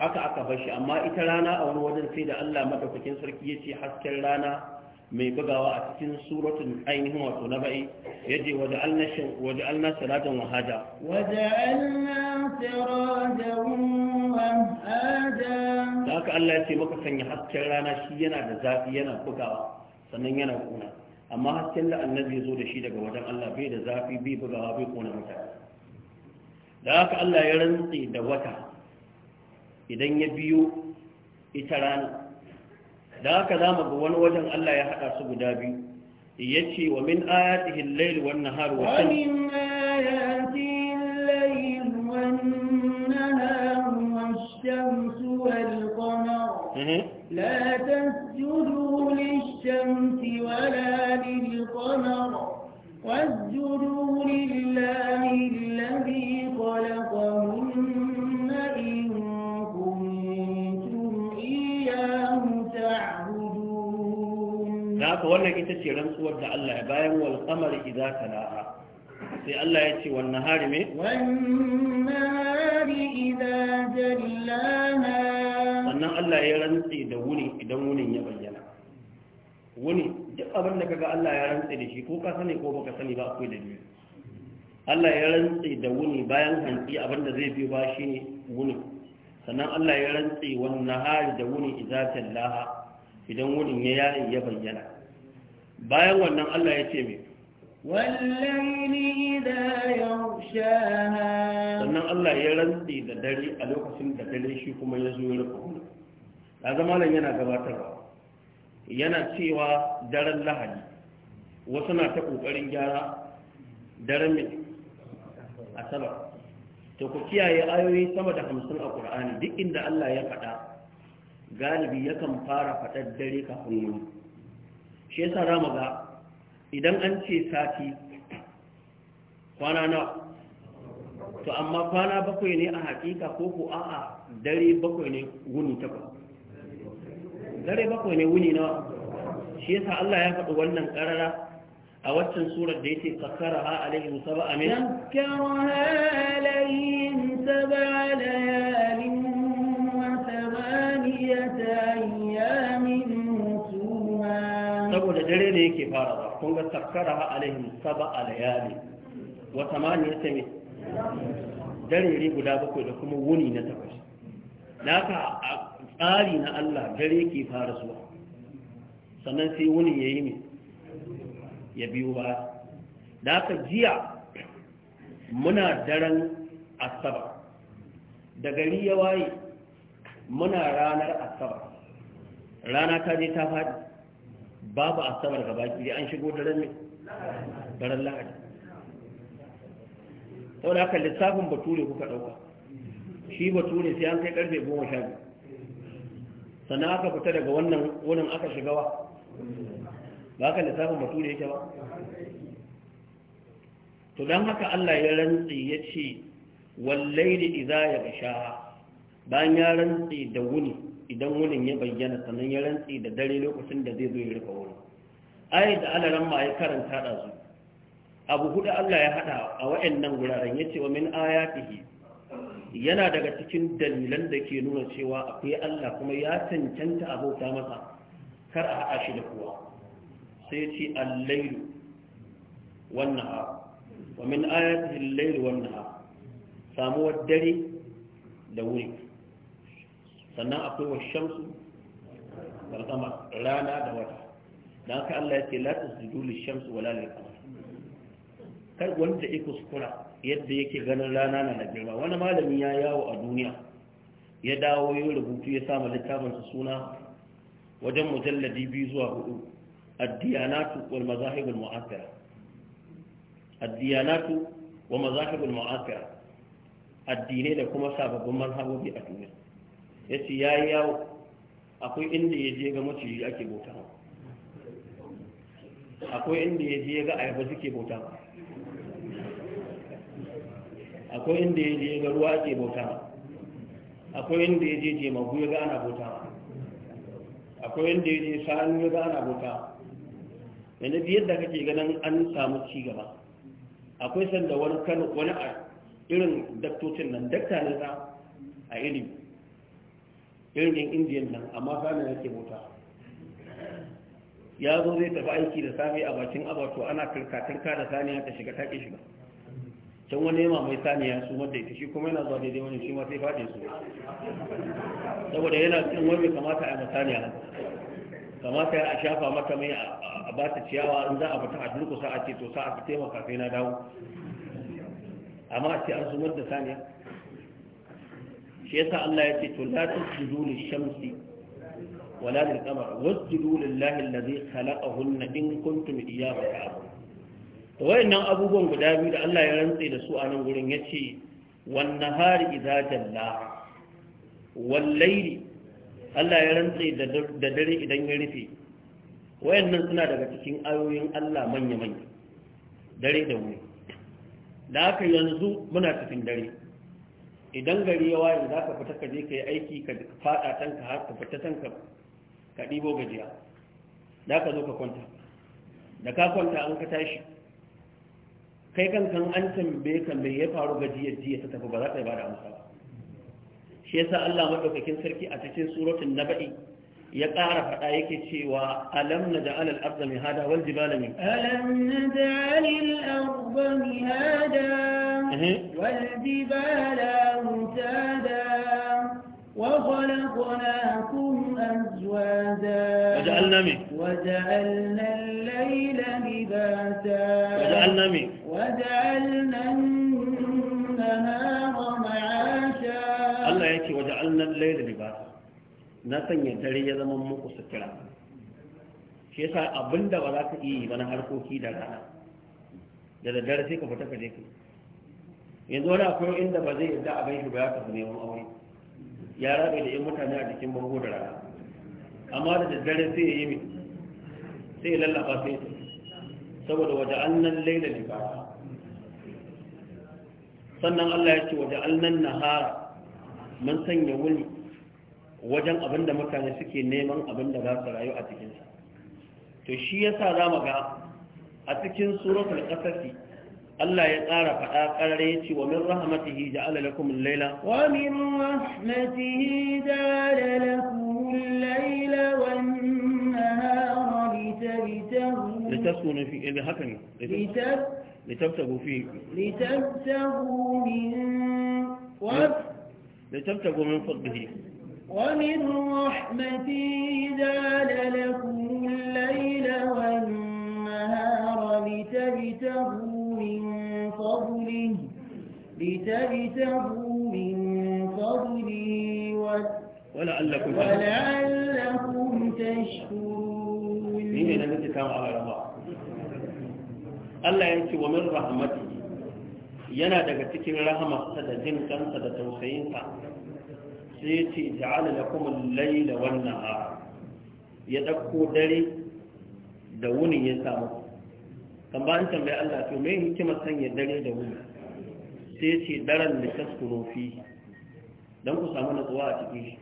haka aka bashi, amma ita rana a wani wajen sai da Allah madaukakin sarki ya ce hasken rana mai bugawa a cikin suratun ainihin wato na ba'i ya ce waje alna siratan wahaja waje alna siratan wahaja da haka Allah ya ce maka sanya hasken rana shi yana da zafi yana bugawa sannan yana kuna amma hasken da annabi zo da shi daga wajen Allah bai da zafi bai bugawa bai kuna mutane da haka Allah ya rantsi da wata idan ya biyo ita rana da haka za mu ga wani wajen Allah ya haɗa su guda biyu ya ce wa min ayatihi al-lail nahar wa min ayatihi al-lail wan nahar wash-shamsu wal-qamar la tasjudu wannan ita ce rantsuwar da Allah ya bayan wal qamari idza talaha sai Allah ya ce wan nahari me wan nahari idza jallaha sannan Allah ya rantsi da wuni idan wunin ya bayyana wuni duk abin da kaga Allah ya rantsi da shi ko ka sani ko baka sani ba akwai dalili Allah ya rantsi da wuni bayan hantsi abin da zai biyo ba shine wuni sannan Allah ya rantsi wan nahari da wuni idza jallaha idan wurin ya yayi ya bayyana bayan wannan Allah ya ce mai wallahi da yaushe? sannan Allah ya rantsi da dare a lokacin da dare shi kuma ya zo ya kuma. da zama nan yana gabatarwa yana cewa daren lahadi wasu na ta kokarin gyara daren mai asabar to ku kiyaye ayoyi sama da hamsin a Qur'ani duk inda Allah ya faɗa galibi yakan fara faɗar dare kafin wani shi yasa za mu ga idan an ce sati kwana na to amma kwana bakwai ne a hakika ko ko a dare bakwai ne wuni takwas dare bakwai ne wuni na shi yasa Allah ya faɗi wannan ƙarara a waccan surar da ya ce sakkara ha alaihim sab'a min sakkara alaihim sab'a ne yake ba kun ga sakkara alaihim saba alayali wa samaniyata ne dare guda bakwai da kuma wuni na takwas da haka a tsari na Allah dare ke fara zuwa sannan sai wuni ya yi ne ya biyo ba da haka jiya muna daren asabar da gari ya waye muna ranar asabar rana ta je ta faɗi babu asabar gaba ki an shigo da ranar daren lahadi sau da haka lissafin bature kuka ɗauka shi bature sai an kai karfe goma sha biyu sannan aka fita daga wannan wurin aka shiga wa ba ka lissafin bature yake ba to don haka Allah ya rantsi ya ce wallai da iza ya gasha bayan ya rantsi da wuni idan wunin ya bayyana sannan ya rantsi da dare lokacin da zai zo ya rufe wurin ayi da alaran ma ya karanta da su abu hudu Allah ya hada a wayannan guraren yace wa min ayatihi yana daga cikin dalilan da ke nuna cewa akwai Allah kuma ya cancanta abota masa kar a haɗa shi da kowa sai ce al-lailu wan nahar wa min ayatihi al-lailu wan nahar samuwar dare da wuri sannan akwai wa shamsu wal rana da wata dan haka Allah ya ce la tasjudu lish shams wala lil kar wanda ya kuskura yadda yake ganin rana na da girma wani malami ya yawo a duniya ya dawo ya rubutu ya samu littafin sa suna wajen mujalladi biyu zuwa hudu ad-diyanatu wal mazahib al mu'assira ad-diyanatu wa mazahib al mu'assira addinai da kuma sababbin manhajoji a duniya ya ce ya yi yawo akwai inda ya je ga maciji ake bauta akwai inda ya je ga ayaba suke bauta akwai inda ya je ga ruwa ake bauta akwai inda ya je jemagu ya ga ana bauta akwai inda ya je shanu ya ga ana bauta yanzu biyar da kake ganin an samu ci gaba akwai sanda wani kano wani a irin daktocin nan dakta ne za a ilimi jirgin indiyan nan amma sanin yake mota ya zo zai tafi aiki da sami a bakin abato ana karkatun ka da saniya ta shiga take shiga can wani yama mai saniya su wadda ita shi kuma yana zuwa daidai wani shi ma sai faɗi su saboda yana cin wani kamata a masaniya kamata ya a shafa mata mai a ba ta ciyawa in za a fita a durkusa a ce to sa a taimaka sai na dawo amma a ce an sumar da saniya shi yasa Allah ya ce to la tasjudu lish-shamsi wala lil-qamar wasjudu lillahi alladhi khalaqahunna in kuntum iyyahu ta'budun to wayannan abubuwan guda biyu da Allah ya rantse da su a nan gurin yace wan nahari idza jalla wal layli Allah ya rantse da dare idan ya rufe wayannan suna daga cikin ayoyin Allah manya-manya dare da wuri da haka yanzu muna cikin dare idan gari ya waye za ka fita ka je ka yi aiki ka fada ka har ka fita tanka ka ɗibo gajiya da ka zo ka kwanta da ka kwanta an ka tashi kai kankan an tambaye ka mai ya faru gajiyar jiya ta tafi ba za ka yi ba da amsa ba shi yasa Allah madaukakin sarki a cikin suratul naba'i ya ƙara faɗa yake cewa alam na da alal arda mai hada wal jibala min alam na da alal arda mai hada wal jibala وخلقناكم أزواجا وجعلنا من وجعلنا الليل لباسا وجعلنا من وجعلنا النهار معاشا الله يكي وجعلنا الليل لباسا نسن يدري يزمن مكو سكرا shi yasa abin da ba za ka iya yi ba na harkoki da rana da daddare sai ka fita ka je ka yanzu wani akwai inda ba zai abin shi ba ya tafi neman aure ya rabe da yin mutane a jikin bango da rana amma da daddare sai ya yi mai sai ya lallaba sai saboda waje an annan laila libara sannan Allah ya ce waje an na nahara mun sanya wuni wajen abin da mutane suke neman abin da za su rayu a cikinsa to shi ya sa za mu ga a cikin surafin qasasi Allah ya tsara faɗa ƙarar ya ce wa min rahmatihi ja'ala lakum al-laila wa min rahmatihi ja'ala lakum al-laila wan nahara litabtahu litaskunu fi idan haka ne litabtahu fi litabtahu min wa litabtahu min fadlihi wa min rahmatihi ja'ala lakum al-laila wan لتبتغوا من فضله لتبتغوا من فضله ولعلكم ولعلكم تشكرون مين اللي انت على ربا الله ينتي ومن رحمته yana daga cikin rahamarsa da jin kansa da tausayinsa sai ce ja'ala lakum al-layla wan nahar ya dauko dare da wuni ya samu kan ba an tambayi Allah to me hikimar sanya dare da wuni sai ce daren da taskuro fi don ku samu natsuwa a ciki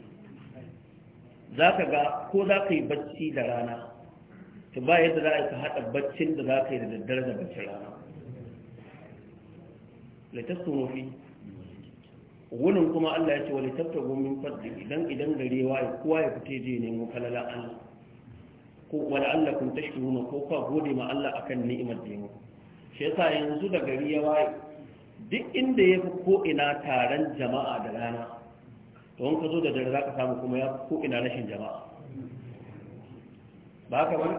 za ka ga ko za ka yi bacci da rana to ba yadda za a yi ka haɗa baccin da za ka yi da daddare da baccin rana litaskuro fi wunin kuma Allah ya ce wa litabtagu min fadli idan idan garewa ya kowa ya fita je mu falala Allah ko wala'allakum tashkuruna ko ka gode ma Allah akan ni'imar da ya muku shi yasa yanzu da gari ya waye duk inda ya fi ko ina taron jama'a da rana to in ka zo da dare za ka samu kuma ya fi ko ina rashin jama'a ba ka wani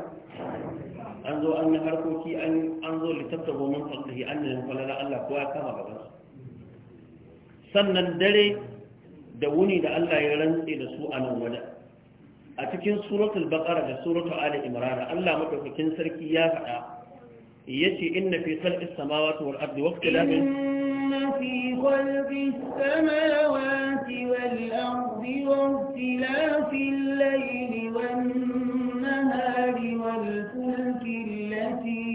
an zo an yi harkoki an zo littatta gomin fasahi an yi falala Allah ko ya kama gaban sannan dare da wuni da Allah ya rantse da su a nan wajen a cikin suratul baqara da suratul ali imran Allah madaukakin sarki ya faɗa yace inna fi khalqis samawati wal ardi waqtilafin inna fi khalqis samawati wal ardi waqtilafil layli wan والنهار والفلك التي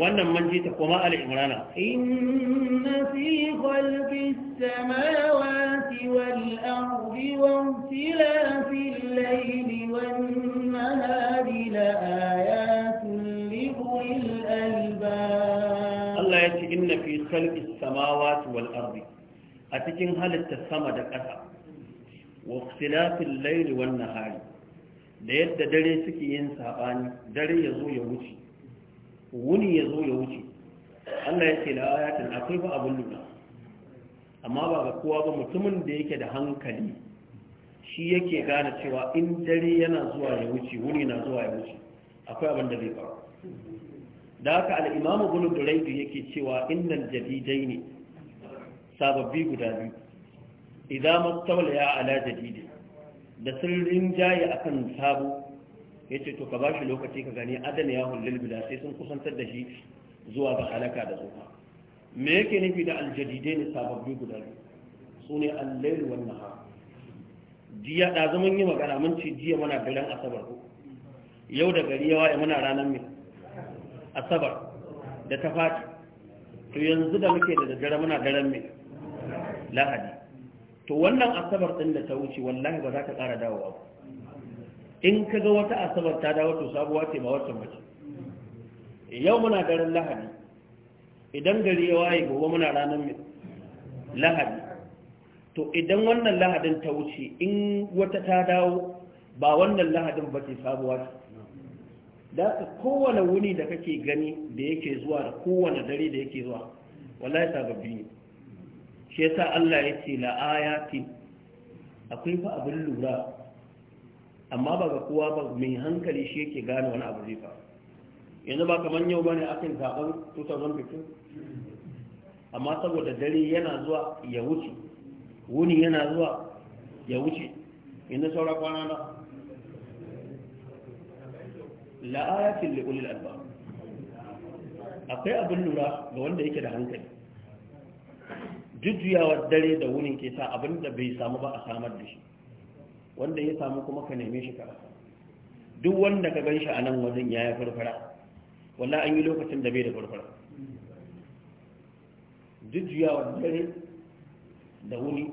wannan man ji kuma ala imrana inna fi khalqi samawati wal ardi wa ikhtilafi al-layli wan nahari la ayatun li ulil albab Allah ya ce inna fi khalqi samawati wal ardi a cikin halitta sama da ƙasa wa ikhtilafi al-layli wan nahari da yadda dare suke yin saɓani dare ya zo ya wuce wuni ya zo ya wuce Allah ya ce da ayatin akwai ba abin lura amma ba ga kowa ba mutumin da yake da hankali shi yake gane cewa in dare yana zuwa ya wuce wuni na zuwa ya wuce akwai abin da zai faru da haka al'imamu gudun duraidu yake cewa innan jadidai ne sababbi guda biyu idan mastawala ya ala jadidai da sun a akan sabo ya ce to ka ba shi lokaci ka gani adana ya hullul bila sai sun kusantar da shi zuwa ga halaka da zuwa me yake nufi da aljadidai ne sababbi guda biyu su ne allailu wan nahar jiya da zaman yi magana mun ce jiya mana daren asabar ko yau da gari yawa ya muna ranar mai asabar da ta fati to yanzu da muke da daddare muna daren mai lahadi to wannan asabar din da ta wuce wallahi ba za ka ƙara dawowa ba in ka ga wata asabar ta dawo to sabuwa ce ba wata mace yau muna garin lahadi idan gari ya waye gobe muna ranar lahadi to idan wannan lahadin ta wuce in wata ta dawo ba wannan lahadin ba ce sabuwa ce da kowane wuni da kake gani da yake zuwa da kowane dare da yake zuwa wallahi sababbi ne shi yasa Allah ya ce la ayati akwai fa abin lura amma ba ga kowa ba mai hankali shi yake gane wani abu zai fa yanzu ba kamar yau bane akan zaben 2015 amma saboda dare yana zuwa ya wuce wuni yana zuwa ya wuce yanzu saura kwana na la ayatin li albab akwai abin lura ga wanda yake da hankali jujjuyawar dare da wurin ke sa abin da bai samu ba a samar da shi wanda ya samu kuma ka neme shi ka duk wanda ka gan shi a nan wajen ya yi farfara wanda an yi lokacin da bai da farfara jujjuyawar dare da wuni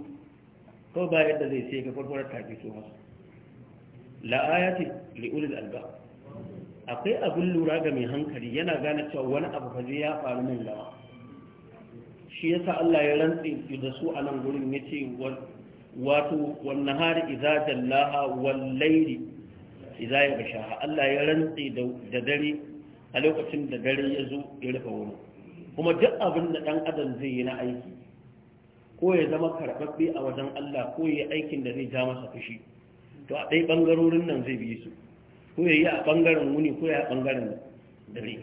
kawai ba yadda zai sai ka farfara ta fito masa la'ayati li'ulil alba akwai abin lura ga mai hankali yana gane cewa wani abu fa ya faru min lawa shi yasa Allah ya rantse da su a nan gurin yace wato wan nahari idza jallaha wal iza ya yabsha Allah ya rantse da dare a lokacin da dare ya zo ya rufe wani kuma duk abin da ɗan adam zai yi na aiki ko ya zama karɓaɓɓe a wajen Allah ko ya yi aikin da zai ja masa fushi to a ɗai ɓangarorin nan zai bi su ko ya yi a ɓangaren wuni ko ya yi a ɓangaren dare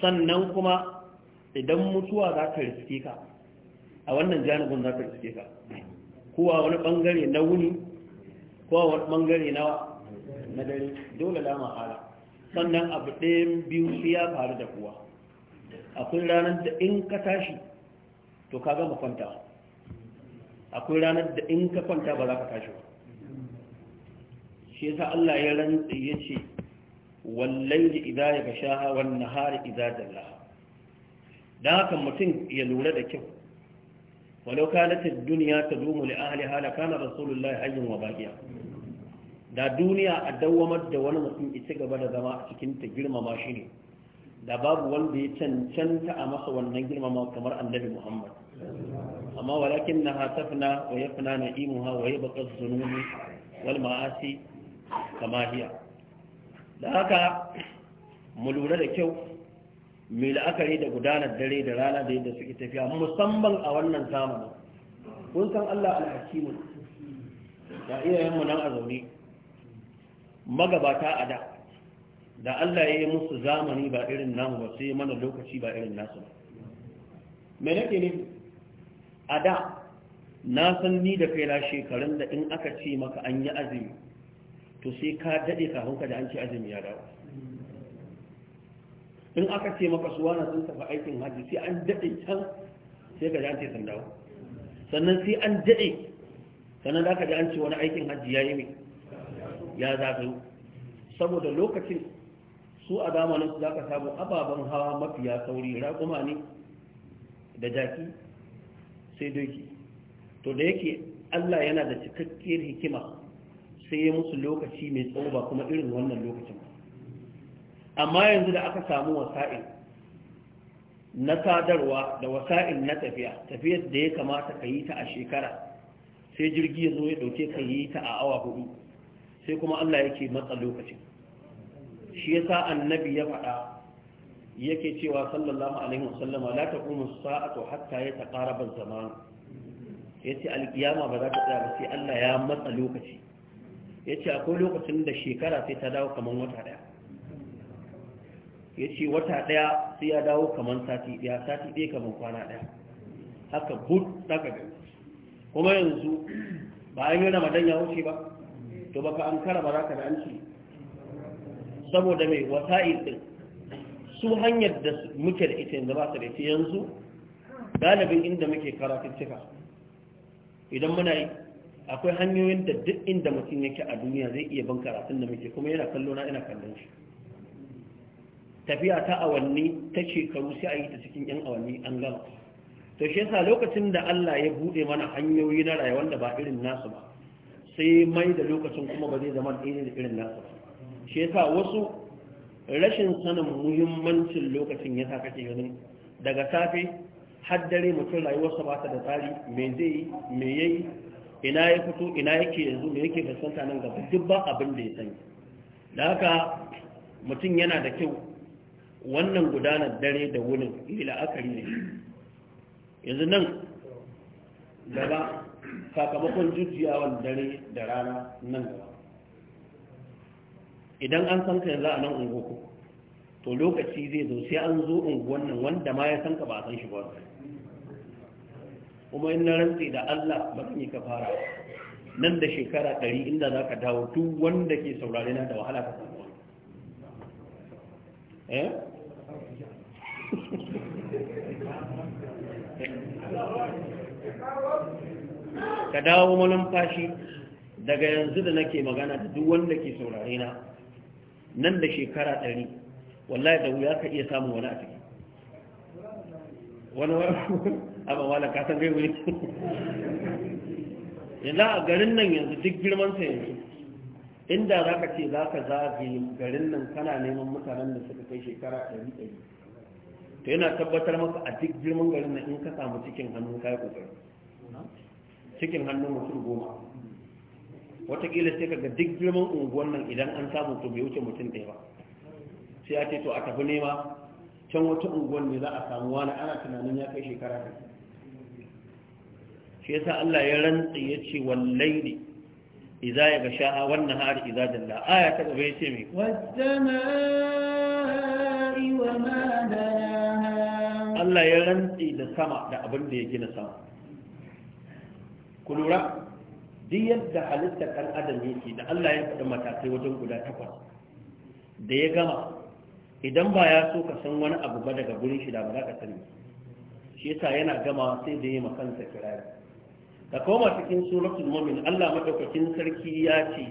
sannan kuma idan mutuwa za ta riske ka a wannan janibin za ta riske ka kowa wani bangare na wuni kowa wani bangare na na dare dole lama hala sannan abu ɗayan biyu su ya faru da kuwa akwai ranar da in ka tashi to ka gama kwanta akwai ranar da in ka kwanta ba za ka tashi ba shi yasa Allah ya rantsi ya ce wallai da idza ya gashaha wan nahari idza jallaha Da haka mutum ya lura da kyau walau kanatin duniya ta dumu li ahali hala kana rasulullahi hanyar wa baƙiya da duniya a dawwamar da wani mutum ya ci gaba da zama a cikin ta girmama shi ne da babu wanda ya cancanta a masa wannan girmama kamar annabi muhammad amma walakin na hatafna wa imu ha wa baƙar zunubi wal ma'asi kama da haka mu lura da kyau mai la'akari da gudanar dare da rana da yadda suke tafiya musamman a wannan zamanin kun san Allah alhakimu da iyayenmu nan a zaune magabata a da da Allah ya yi musu zamani ba irin namu ba sai mana lokaci ba irin nasu ba me nake ne a da na san ni da kai kaina shekarun da in aka ce maka an yi azumi to sai ka daɗe kafin ka da an ce azumi ya dawo in aka ce maka suwana sun tafi aikin hajji sai an daɗe can sai ka ji an ce sandawa sannan sai an daɗe sannan za ka ji an ce wani aikin hajji ya yi mai ya za yi saboda lokacin su a zamanin su za ka samu ababen hawa mafiya sauri raƙuma ne da jaki sai doki to da yake allah yana da cikakkiyar hikima sai ya musu lokaci mai tsawo kuma irin wannan lokacin ba amma yanzu da aka samu wasa'il na sadarwa da wasa'il na tafiya tafiyar da ya kamata ka yi ta a shekara sai jirgi ya zo ya ɗauke ka yi ta a awa hudu sai kuma Allah yake matsa lokacin shi yasa annabi ya faɗa yake cewa sallallahu alaihi wasallama la taqumu sa'atu hatta yataqaraba az-zaman yace alkiyama ba za ta tsaya ba sai Allah ya matsa lokaci yace akwai lokacin da shekara sai ta dawo kaman wata daya ya ce wata ɗaya sai ya dawo kamar sati ɗaya sati ɗaya kamar kwana ɗaya haka bud daga gani kuma yanzu ba an yi ramadan ya wuce ba to baka an kara ba za ka da an ce saboda mai wasa'i ɗin su hanyar da muke da ita yanzu ba su da ita yanzu galibin inda muke karatun cika idan muna yi akwai hanyoyin da duk inda mutum yake a duniya zai iya ban karatun da muke kuma yana kallo na ina kallon shi tafiya ta awanni ta shekaru sai a yi ta cikin yan awanni an gama to shi yasa lokacin da Allah ya bude mana hanyoyi na rayuwar da ba irin nasu ba sai mai da lokacin kuma ba zai zama irin da irin nasu ba shi yasa wasu rashin sanin muhimmancin lokacin yasa kake ganin daga safe har dare mutum rayuwarsa ba ta da tsari me zai me yayi ina ya fito ina yake yanzu me yake fuskanta nan gaba duk ba abin da ya sani da haka mutum yana da kyau wannan gudanar dare da wunin yi la'akari ne yanzu nan gaba sakamakon jujjiyawar dare da rana nan gaba idan an san ka yanzu a nan ungoku to lokaci zai zo sai an zo unguwan nan wanda ma ya san ka ba san shi ba kuma in na rantse da Allah ba kan ka fara nan da shekara ɗari inda za ka dawo duk wanda ke saurare na da wahala ka samu eh ka dawo malumfashi daga yanzu da nake magana da duk wanda ke saurare na nan da shekara ɗari wallahi da wuya ka iya samun wani a ciki wani abin wala kasan san gai wuri yanzu a garin nan yanzu duk girman sa yanzu inda za ka ce za ka zagaye garin nan kana neman mutanen da suka kai shekara ɗari ɗari to yana tabbatar maka a duk girman garin nan in ka samu cikin hannun kai kokari cikin hannun mutum goma watakila sai kaga duk girman unguwan nan idan an samu to bai wuce mutum ɗaya ba sai ya ce to a tafi nema can wata unguwan ne za a samu wani ana tunanin ya kai shekara da shi yasa Allah ya rantsi ya ce wallaili iza ya gashaha wannan har iza dalla aya ta gaba yace me wasama'i wa Allah ya rantsi da sama da abin da ya gina sama ku lura duk yadda halitta ɗan adam yake da Allah ya faɗi matakai wajen guda takwas da ya gama idan ba ya so ka san wani abu ba daga gurin shi da ba za ka sani shi yasa yana gama sai da yi kansa kirari da koma cikin suratul mu'min Allah madaukakin sarki ya ce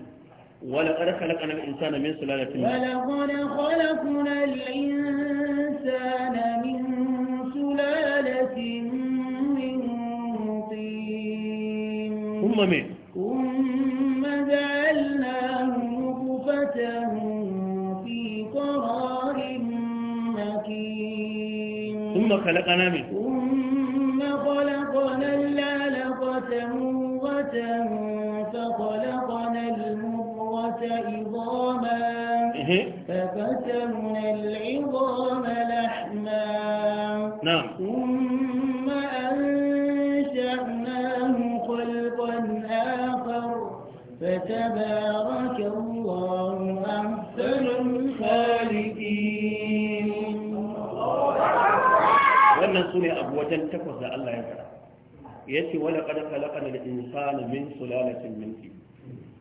al insana min sulalatin wala qad khalaqna al insana min سلالة من طين ثم مين ثم جعلناه نطفة في قرار مكين ثم خلقنا من ثم خلقنا العلقة مضغة فخلقنا المضغة عظاما إيه؟ ففتمنا wajen takwas da Allah ya fara yace wala qad khalaqal insana min sulalatin min tin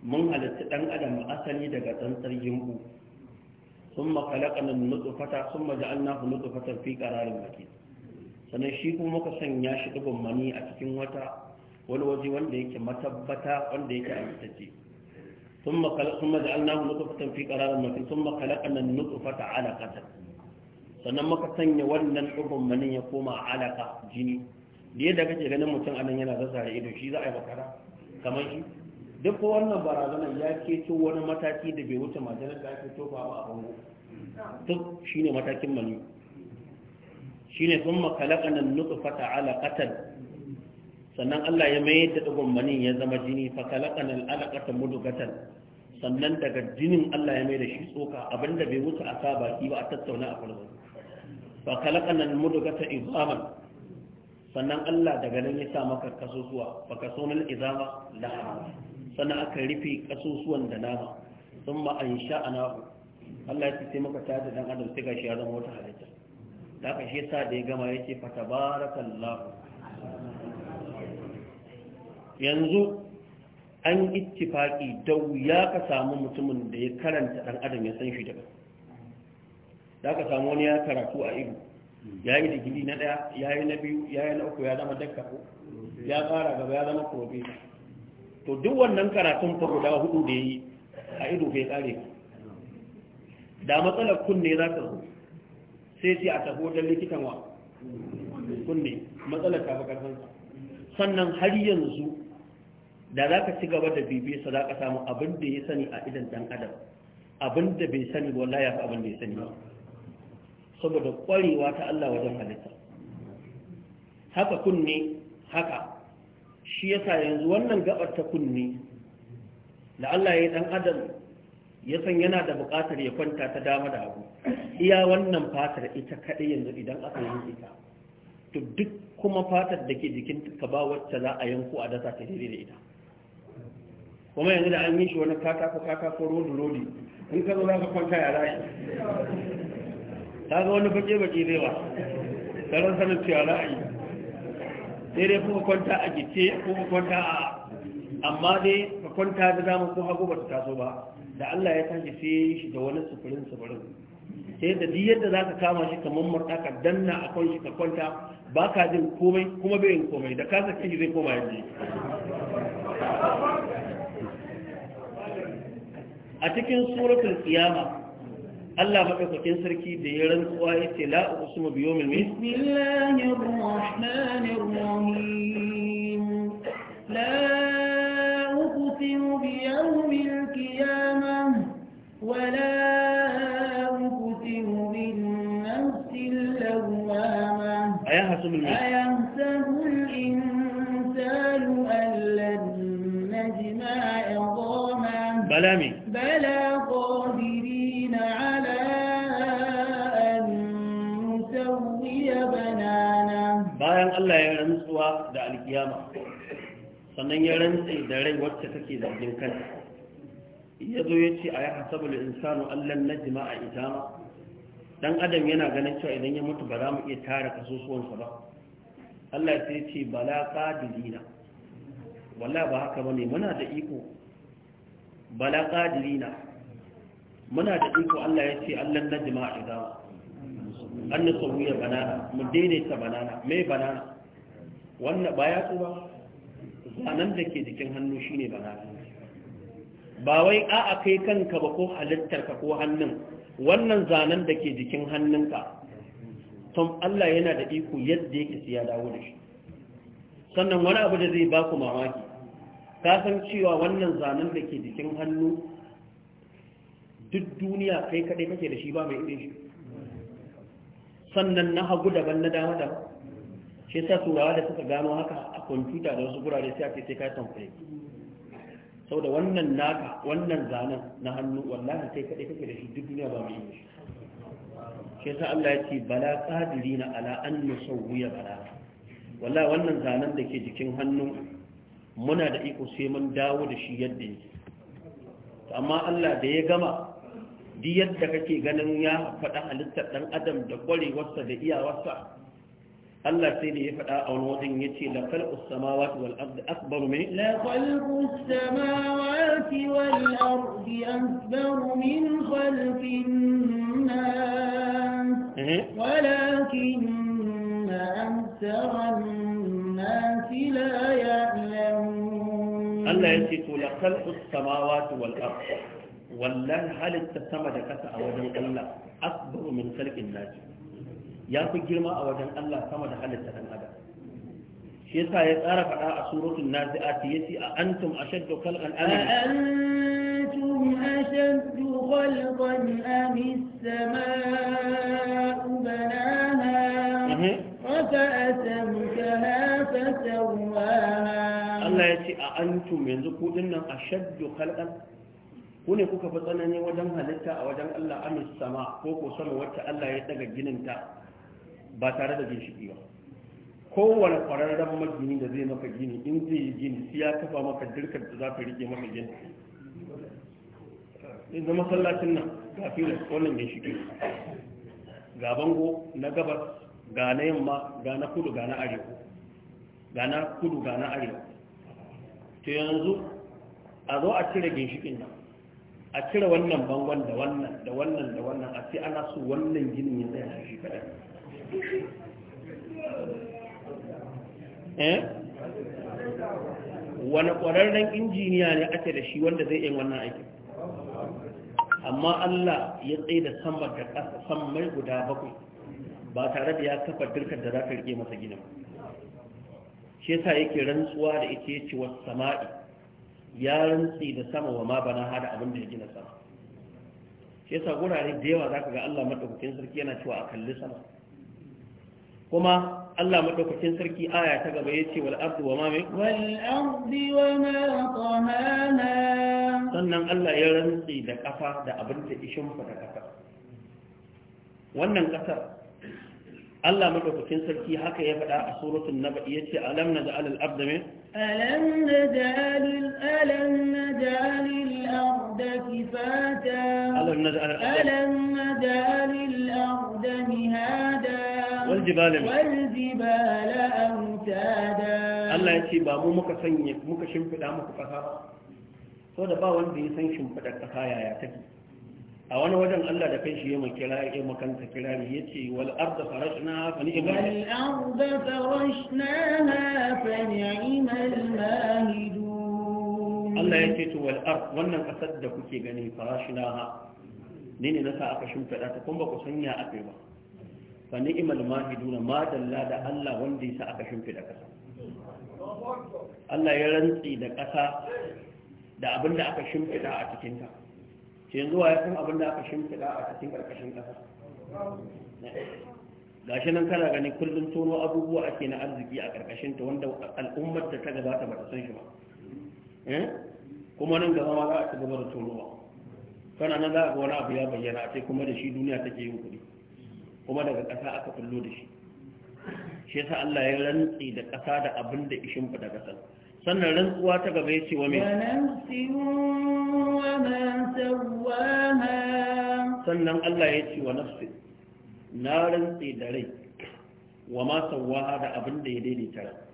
mun halitta dan adam asali daga tsantsar sun yimbu thumma khalaqal nutfata thumma ja'alnahu nutfatan fi ƙararin baki, sannan shi kuma muka sanya shi dubban mani a cikin wata wani waje wanda yake matabbata wanda yake amintacce ثم خلق ثم جعلناه نطفة في قرار مكين ثم خلقنا النطفة علقة sannan maka sanya wannan ɗugun manin ya koma alaka jini da yadda kake ganin mutum anan yana da ido shi za a yi bakara kamar shi duk wannan barazanar ya keto wani mataki da bai wuce majalar da ake tofa ba a bango duk shine matakin mani shine sun makalaka nan nutsu fata alaƙatan sannan Allah ya mayar da ɗigon mani ya zama jini fa nan al-alaqata mudghatan sannan daga jinin Allah ya mai da shi tsoka abinda bai wuce a sa baki ba a tattauna a farko fa khalaqana al-mudghata izaman sannan Allah daga nan ya sa maka kasusuwa fa kasonal izama lahama sannan aka rufe kasusuwan da nama sha ana Allah ya ce sai maka tada dan adam sai gashi ya zama wata halitta da aka shi sa da ya gama yake fa tabarakallah yanzu an ittifaki dau ya ka samu mutumin da ya karanta dan adam ya san shi daga da aka samu wani ya karatu a ido ya yi digiri na ɗaya ya yi na biyu ya yi na uku ya zama dakka ko ya ƙara gaba ya zama kobe to duk wannan karatun fa guda hudu da ya yi a ido bai ƙare da matsalar kunne za ta zo sai ce a tafi wajen likitan wa kunne matsalar ta fi sannan har yanzu da za ka ci gaba da bibiyarsa za ka samu abin da ya sani a idan dan adam abin da bai sani wallahi ya fi abin da ya sani ba saboda kwarewa ta Allah wajen halitta haka kunne haka shi yasa yanzu wannan gabar ta kunne da Allah ya yi dan adam ya san yana da buƙatar ya kwanta ta dama da abu iya wannan fatar ita kadai yanzu idan aka yi ita to duk kuma fatar da ke jikin ka ba wacce za a yanko a dasa ta daidai da ita kuma yanzu da an yi shi wani katako katako rodi rodi in ka zo za ka kwanta ya rayu ta ga wani fage baki zai ba tsaron sanin cewa ra'ayi sai dai kuma kwanta a gice kuma kwanta a amma dai ka kwanta da dama ko hagu ba taso ba da Allah ya tashi sai shi da wani sufurin sufurin sai da duk yadda za ka kama shi kamar murɗa ka danna a kan shi ka kwanta ba ka jin komai kuma bai yin komai da ka sake shi zai koma yanzu a cikin suratul qiyama الله مفقكين سركي ديران قواهي تلاء أقسم بيوم المين بسم الله الرحمن الرحيم لا أقسم بيوم الكيامة ولا أقسم بالنفس اللوامة أيها أيهاسم المين أيهاسم الإنسان ألا نجمع عظامة بلا مي بلا قادرين على أن نسوي بنانا بايان الله rantsuwa da القيامة sannan ya rantse da rai wacce take zargin kanta ya zo ya ce a ya hasabul insanu allan najma a itama dan adam yana ganin cewa idan ya mutu ba za mu iya tara kasusuwansa ba Allah sai ce bala qadirina wallahi ba haka bane muna da iko bala qadirina muna da iko Allah ya ce Allah na jama'a idawa an na tsohuya banana mu daidaita banana mai banana wannan ba ya tsoba zanen da ke jikin hannu shine banana ba wai a'a kai kanka ba ko halittarka ko hannun wannan zanen da ke jikin hannunka tom Allah yana da iko yadda yake siya dawo da shi sannan wani abu da zai ba ku mamaki ka san cewa wannan zanen da ke jikin hannu duk duniya kai kaɗai kake da shi ba mai irin shi sannan na hagu daban na dama daban shi sa turawa da suka gano haka a kwamfuta da wasu gurare sai a ce sai ka tamfai sau da wannan naka wannan zanen na hannu wallahi sai kaɗai kake da shi duk duniya ba mai irin shi shi sa Allah ya ce bala qadirina ala an nusawwiya bala wallahi wannan zanen da ke jikin hannu muna da iko sai mun dawo da shi yadda yake amma Allah da ya gama duk yadda kake ganin ya faɗa halittar ɗan adam da ƙwarewarsa da iyawarsa Allah sai da ya faɗa a wani wajen ya ce la khalqu samawati wal ardi akbar min la khalqu samawati wal ardi akbar min khalqin nas eh? walakin أكثر الناس لا يعلمون الله يقول خلق السماوات والأرض ولن هل التسمى دكتا أن الله أكبر من خلق الناس يا في جرما أوجن الله سمى دخل التسمى دكتا شيء سايت أعرف على الناس آتي يسي أنتم أشد خلقا أم أنتم أشد خلقا أم السماء بناها أمم. رفع سمكها فسواها الله يتي أأنتم ينزقوا إنهم أشد خلقا ku ne kuka fi tsanani wajen halitta a wajen Allah amis sama ko ko sama wacce Allah ya daga gininta ba tare da ginshiki ba kowane ƙwararren magini da zai maka gini in zai yi gini sai ya kafa maka dirkar da za ka rike maka gini in zama sallacin nan ga filin wannan ginshiki ga bango na gabas ga na yamma ga na kudu ga na arewa ga na kudu ga na arewa to yanzu a zo a cire ginshikin nan a cire wannan bangon da wannan da wannan da wannan a ce ana su wannan ginin ya tsaya shi kadan eh wani ƙwararren injiniya ne ake da shi wanda zai yi wannan aikin amma Allah ya tsaye da sama da ƙasa sammai guda bakwai ba tare da ya kafa dirkar da za ka rike masa ginin shi yasa yake rantsuwa da ita yace wa sama'i ya rantsi da sama wa ma bana hada abin da ya gina sama shi yasa gurare da yawa zaka ga Allah madaukakin sarki yana cewa a kalli sama kuma Allah madaukakin sarki aya ta gaba yace wal ardi wa ma min wal ardi wa ma tamana sannan Allah ya rantsi da kafa da abin da ishin fa da kafa wannan kasar Allah madaukakin sarki haka ya faɗa a suratul naba yace alam naj'al al-ardha min alam naj'al alam naj'al al-ardha kifata alam naj'al alam naj'al al-ardha mihada wal jibala wal jibala awtada Allah yace ba mu muka sanya muka shimfida muku kasa ba saboda ba wanda ya san shimfidar kasa yaya take a wani wajen Allah da kanshi ya kira ya makanta kirari ya ce wal arda farashna fa ni'mal wal arda farashna fa ni'mal mahidun Allah ya ce to wal ard wannan kasar da kuke gani farashna ha ne ne nasa aka da ta kuma ku sanya akai ba fa ni'mal mahidun ma dalla da Allah wanda yasa aka da kasa Allah ya rantsi da kasa da abinda aka shimfida a cikin ta yanzu zuwa ya san abin da aka shimfiɗa a cikin ƙarƙashin ƙasa gashi nan kana gani kullum tono abubuwa ake na arziki a ƙarƙashin ta wanda al'ummar da ta gabata ba ta san shi ba eh? kuma nan gaba ma za a ci gaba da tono ba kana nan za a ga wani abu ya bayyana a kuma da shi duniya take yin kuɗi kuma daga ƙasa aka kullo da shi shi yasa Allah ya rantsi da ƙasa da abin da ishin fa da ƙasar sannan rantsuwa ta gaba ya ce wa mai sannan Allah ya ce wa nafsi na rantsi da rai wa ma sawaha da abin da ya daidaita rai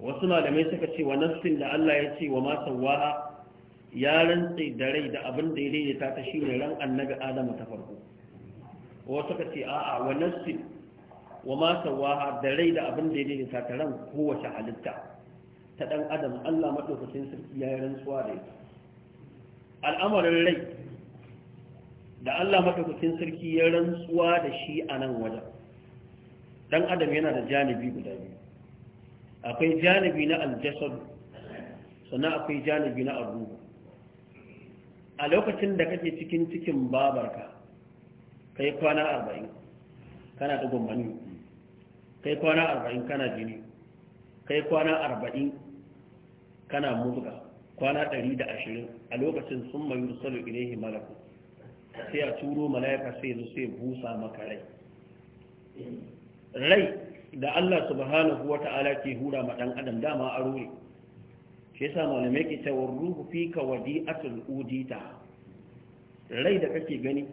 wasu malamai suka ce wa nafsi da Allah ya ce wa ma sawaha ya rantsi da rai da abin da ya daidaita ta shine ran annabi Adamu ta farko wasu suka ce a'a wa nafsi wa ma sawaha da rai da abin da ya daidaita ta ran kowace halitta ta ɗan adam Allah maɗaukacin sarki ya yi rantsuwa da ita al'amarin rai da Allah maɗaukacin sarki ya rantsuwa da shi a nan wajen ɗan adam yana da janibi guda biyu akwai janibi na aljasad sannan akwai janibi na arruhu a lokacin da kake cikin cikin babarka kai kwana arba'in kana ɗigon mani kai kwana arba'in kana jini kai kwana arba'in kana mubga kwana ɗari da ashirin a lokacin sun mayu da salo ilaihi malaku sai a turo mala'ika sai zo sai busa maka rai rai da Allah subhanahu wa ta'ala ke hura ma dan adam dama aro ne shi yasa malamai ke cewa ruhu wadi wadi'atul udita rai da kake gani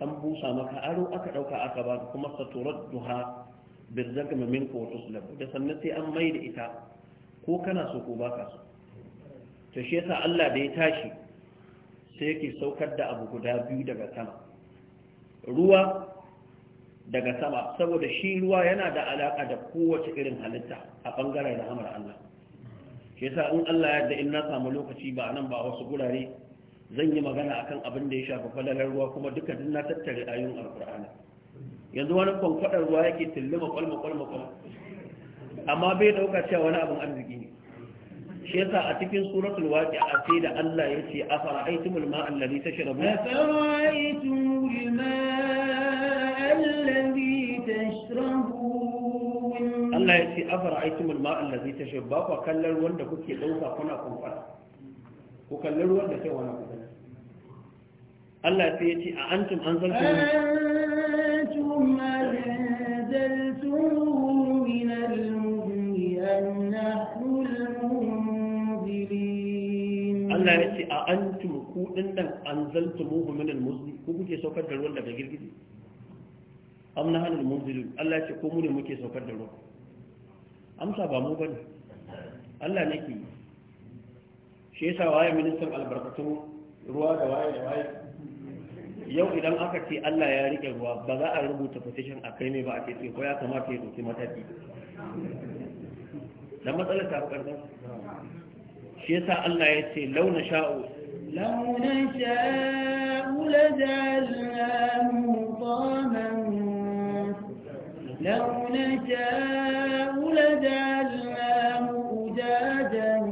an busa maka aro aka ɗauka aka ba kuma saturat duha birzakma minka wa tuslab da sannan sai an mai da ita ko kana so ko baka so to shi yasa Allah da ya tashi sai yake saukar da abu guda biyu daga sama ruwa daga sama saboda shi ruwa yana da alaka da kowace irin halitta a bangaren rahamar Allah shi yasa in Allah ya da in na samu lokaci ba nan ba a wasu gurare zan yi magana akan abin da ya shafi falalar ruwa kuma duka na tattare ayoyin alkur'ani yanzu wani kwankwadar ruwa yake tillima kwalma kwalma kwalma amma bai dauka cewa wani abin arziki ne shi yasa a cikin suratul a sai da Allah ya ce afara'aytumul ma'a allazi tashrabun afara'aytumul ma'a allazi tashrabun Allah ya ce a afara'aytumul ma'a allazi tashrabun ba ku kallon wanda kuke dauka kuna kunfara ku kallon wanda da ke wani kuma Allah sai ya ce a antum anzaltum antum anzaltum Allah ya ce a an ku din nan an zalta muhu minal muzli ko kuke saukar da ruwan daga girgiji amna hanul muzli Allah ya ce ko mu ne muke saukar da ruwan amsa ba mu bane Allah ne ke shi yasa waye ministan albarkatun ruwa da waye da waye yau idan aka ce Allah ya rike ruwa ba za a rubuta petition a kai ne ba a ce ko ya kamata ya dauki mataki dan matsalar ta fi shi yasa Allah ya ce launa sha'o? launa sha'u la ja'alnahu mutaman launa sha'u la ja'alnahu ujajan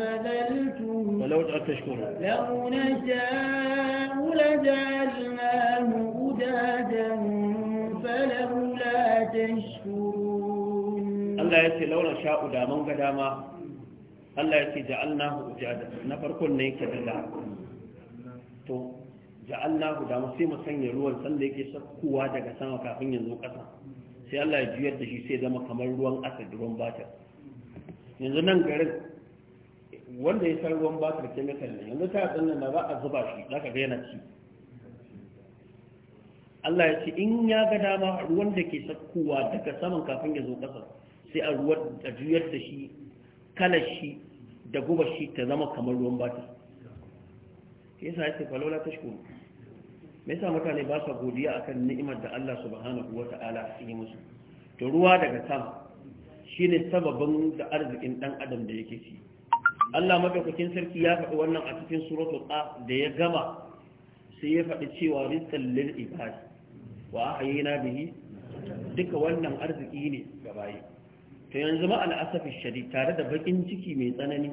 fadaltum walau ta tashkuru launa sha'u la ja'alnahu ujajan falaula tashkurun Allah ya ce launa sha'o da mun ga dama Allah ya ce ja'alnahu ujada na farkon ne yake dala to ja'alnahu da sai mu sanya ruwan da yake sakkuwa daga sama kafin yanzu kasa sai Allah ya juyar da shi sai zama kamar ruwan asad ruwan batar yanzu nan garin wanda ya san ruwan batir chemical ne yanzu ta tsanna na za a zuba shi za ka ga yana ci Allah ya ce in ya ga dama ruwan da ke sakkuwa daga saman kafin ya zo kasa sai a ruwan a juyar da shi kalashi shi da guba shi ta zama kamar ruwan bata yasa yake falola ta shi me yasa mutane ba su godiya akan ni'imar da Allah subhanahu Ta'ala ya yi musu to ruwa daga sama shine sababin da arzikin dan adam da yake ci Allah madaukakin sarki ya faɗi wannan a cikin suratul da ya gama sai ya faɗi cewa rizqan lil ibad wa ahyayna bihi duka wannan arziki ne ga bayi to yanzu ma al'asafi shari tare da bakin ciki mai tsanani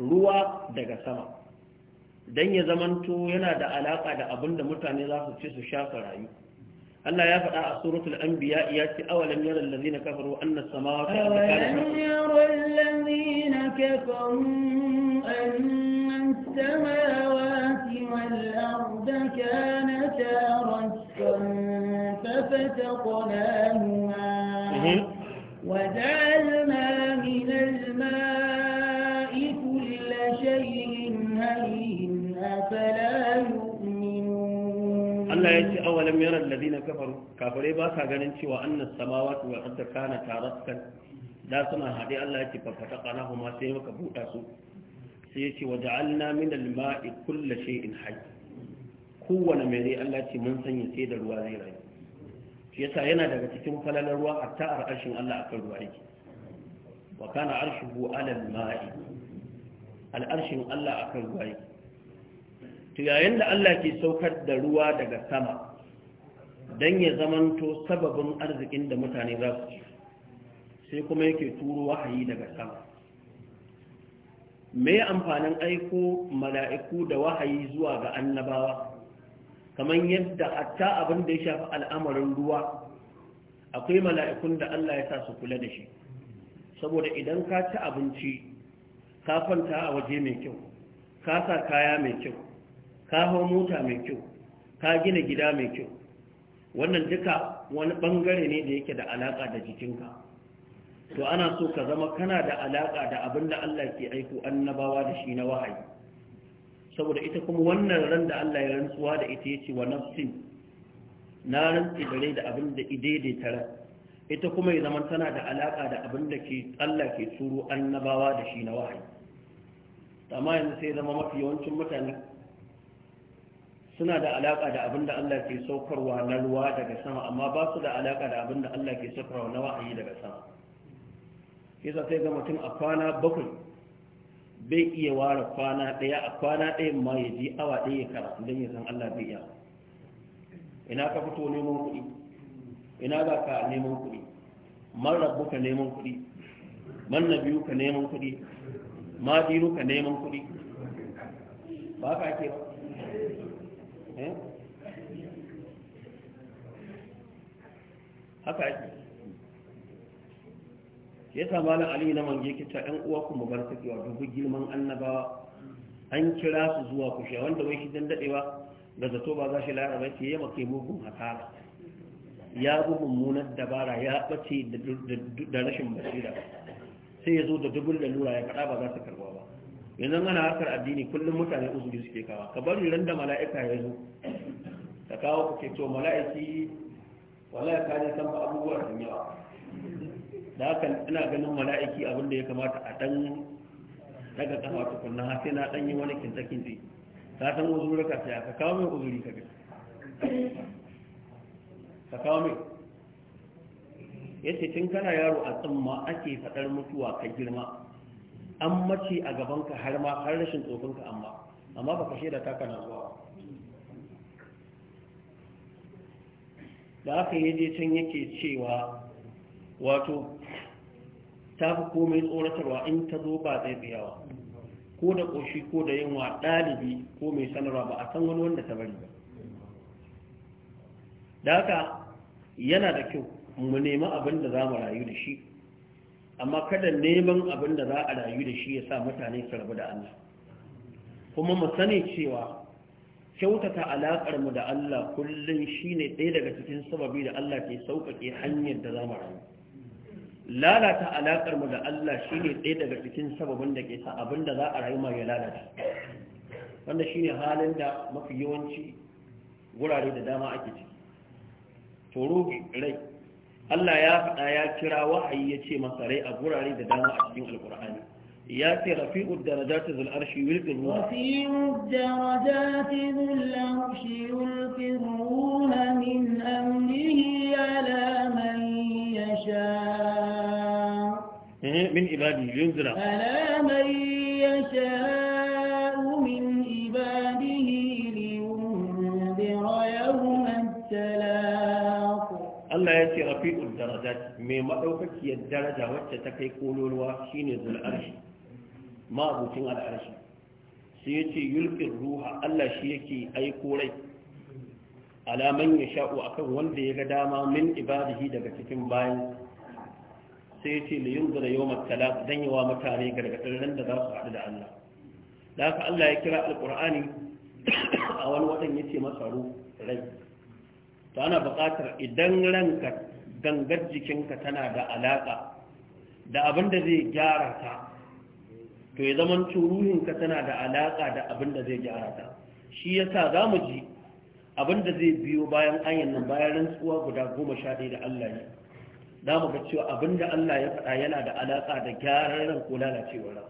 ruwa daga sama don ya zamanto yana da alaƙa da abin da mutane za su ce su shafa rayu Allah ya faɗa a suratul anbiya ya ce awalam yara allazina kafaru anna samawati awalam yara allazina kafaru anna samawati wal arda kanata ratqan fafataqnahuma mhm. وجعلنا من الماء كل شيء هين أفلا يؤمنون الله يأتي أولم يرى الذين كفروا كافري باسا غننشي وأن السماوات والأرض كانت رتقا da suna haɗe Allah ya ce farfata ƙana kuma sai maka buɗa su sai ya ce waje alna min alma'i kulla shay'in hayy kowane mai rai Allah ce mun sanya sai da ruwa zai rayu shi yasa yana daga cikin falalar ruwa hatta arshin Allah akan ruwa yake wa kana arshuhu ala ma'i arshin Allah akan ruwa yake to yayin da Allah ke saukar da ruwa daga sama dan ya zamanto sababin arzikin da mutane za su ci sai kuma yake turo wahayi daga sama me amfanin aiko mala'iku da wahayi zuwa ga annabawa kamar yadda ta abin da ya shafi al'amarin ruwa akwai mala'ikun da Allah ya sa su kula da shi saboda idan ka ci abinci ka kwanta a waje mai kyau ka sa kaya mai kyau ka hau mota mai kyau ka gina gida mai kyau wannan duka wani bangare ne da yake da alaƙa da jikinka to ana so ka zama kana da alaƙa da abin da Allah ke aiko annabawa da shi na wahayi saboda ita kuma wannan ran da Allah ya rantsuwa da ita yace wa nafsin na rantsi dare da abin da idaidaita tara ita kuma ya zama tana da alaka da abin da ke Allah ke turo annabawa da shi na wahayi amma yanzu sai zama mafi yawancin mutane suna da alaka da abin da Allah ke saukarwa na ruwa daga sama amma ba su da alaka da abin da Allah ke saukarwa na wahayi daga sama yasa sai ga mutum a kwana bakwai bai iya ware kwana ɗaya a kwana ɗayan ma ya ji awa ɗaya ya karatu don ya san Allah bai iya ina ka fito neman kuɗi ina za ka neman kuɗi man rabu ka neman kuɗi man na biyu ka neman kuɗi ma dinu ka neman kuɗi ba ka ke ba eh? haka ake yasa malam ali na mange kita ɗan uwa ku mu bar take wato duk girman annabawa an kira su zuwa ku wanda wai shi dan dadewa da zato ba za shi laraba ce ya make mugun hasara ya bi mummunar dabara ya bace da rashin basira sai ya zo da dubul da lura ya kada ba za su karba ba yanzu ana harkar addini kullum mutane uzuri suke kawa ka bari randa mala'ika ya zo ka kawo ku ke to mala'iki wallahi ka ne san ba abubuwa da yawa da haka ina ganin mala'iki abin da ya kamata a dan daga kafa tukunna sai na dan yi wani kintakin ji ka san uzurka sai ka kawo mai uzuri ka ka kawo mai yace tun kana yaro a tsamma ake fadar mutuwa ka girma an mace a gaban ka har ma har rashin tsofin ka amma amma baka shaida ta kana zuwa da aka yi je can yake cewa wato ta fi komai tsoratarwa in ta zo ba zai tsayawa ko da ƙoshi ko da yunwa ɗalibi ko mai sanarwa ba a san wani wanda ta bari ba da haka yana da kyau mu nemi abin da za mu rayu da shi amma kada neman abin da za a rayu da shi ya sa mutane su rabu da Allah kuma mu sani cewa kyautata alaƙar mu da Allah kullum shine ɗaya daga cikin sababi da Allah ke sauƙaƙe hanyar da za mu rayu lalata alaƙar mu da Allah shine ɗaya daga cikin sababin da ke sa abin da za a rayu ma ya lalata wanda ne halin da mafi yawanci wurare da dama ake ciki to ruhi rai Allah ya faɗa ya kira wahayi ya ce masa rai a wurare da dama a cikin alƙur'ani ياتي رفيع الدرجات ذو العرش يلقي الروح رفيع الدرجات ذو العرش يلقي الروح من امره على من إيه؟ من عباده لينذر ألا من يشاء من عباده لينذر يوم التلاق الله يأتي رفيع الدرجات من هي الدرجة وتتكي قولوا شين ذو الأرش ما أبو على الأرش سيأتي يلقي الروح الله شيكي أي قولي على من يشاء أكون ذي قداما من عباده دقتكم باين sai ce li yunzira yau talaq dan yawa mutane gargadin ran da za su haɗu da Allah da haka Allah ya kira alqur'ani a wani watan yace masa ru rai to ana buƙatar idan ranka gangar jikinka tana da alaka da abin da zai gyara ta to ya zaman ruhinka tana da alaka da abin da zai gyara ta shi yasa za mu ji abin da zai biyo bayan ayin nan bayan rantsuwa guda goma sha ɗaya da Allah ne za mu ga cewa abinda Allah ya faɗa yana da alaƙa da gyaran ran ko lalacewar ran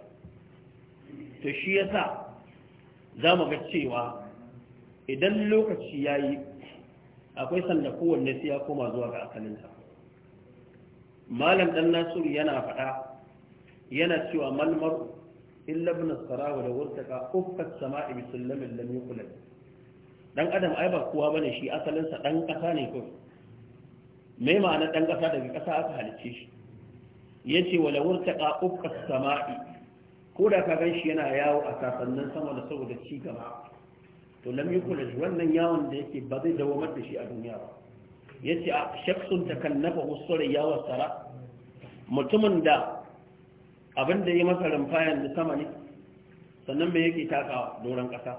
to shi yasa za mu ga cewa idan lokaci ya yi akwai sanda kowanne sai ya koma zuwa ga asalinsa malam dan nasiru yana faɗa yana cewa malmar illa ibn sarawa da wurtaka ufkat sama'i bi sallamin lam yuqlad dan adam ai ba kowa bane shi asalinsa dan ƙasa ne kawai mai ma'ana ɗan ƙasa daga ƙasa aka halicce shi ya ce wala wurta ƙaƙuƙa sama'i ko da ka gan shi yana yawo a sasannin sama da saboda ci gaba to lam yi kula wannan yawon da yake ba zai dawamar da shi a duniya ba ya ce a shaksun ta kan nafa usurai yawon sara mutumin da abin da ya masa rumfayan da sama ne sannan mai yake takawa doron ƙasa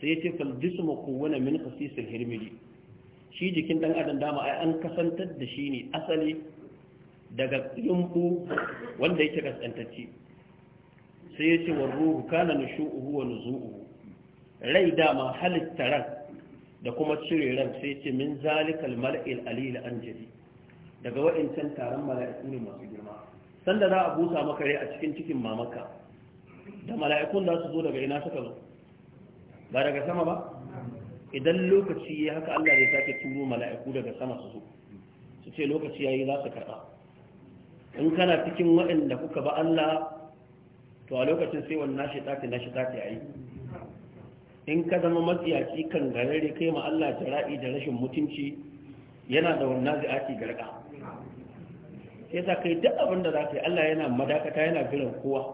sai ya ce fal jismu kowane min hirmidi shi jikin ɗan adam dama ai an kasantar da shi ne asali daga yumbu wanda yake kaskantacce sai ya ce wa ruhu kana nushu'uhu wa nuzu'uhu rai dama halitta ran da kuma cire ran sai ce min zalikal mala'il alil anjali daga wa'incan taron mala'iku ne masu girma sanda za a busa maka rai a cikin cikin mamaka da mala'ikun za su zo daga ina suka zo ba daga sama ba idan lokaci ya haka Allah zai sake turo mala'iku daga sama su zo su ce lokaci yayi za su karɓa in kana cikin waɗanda kuka ba Allah to a lokacin sai wannan nashi tafi nashi tati ayi in ka zama matsiyaci kan garare kai ma Allah jara'i da rashin mutunci yana da wannan zai garka sai sa kai duk abin da za ka yi Allah yana madakata yana biran kowa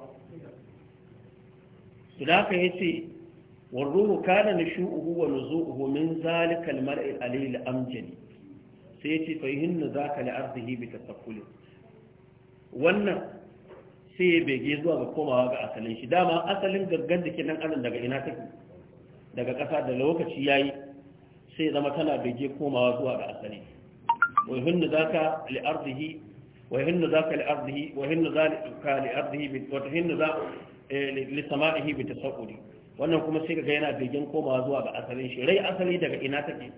su da ka ya ce والروح كان نشوءه ونزوءه من ذلك المرء العلي الأمجد سيتي فيهن ذاك لعرضه بتطفل wannan sai ya bege zuwa ga komawa ga asalin shi dama asalin gaggar da ke nan adam daga ina daga ƙasa da lokaci yayi yi sai zama tana komawa zuwa asali ويهن ذاك لأرضه ويهن ذاك لأرضه ويهن ذاك لأرضه ذاك لسمائه wannan kuma sai ga yana begen komawa zuwa ga asalin shi rai asali daga ina take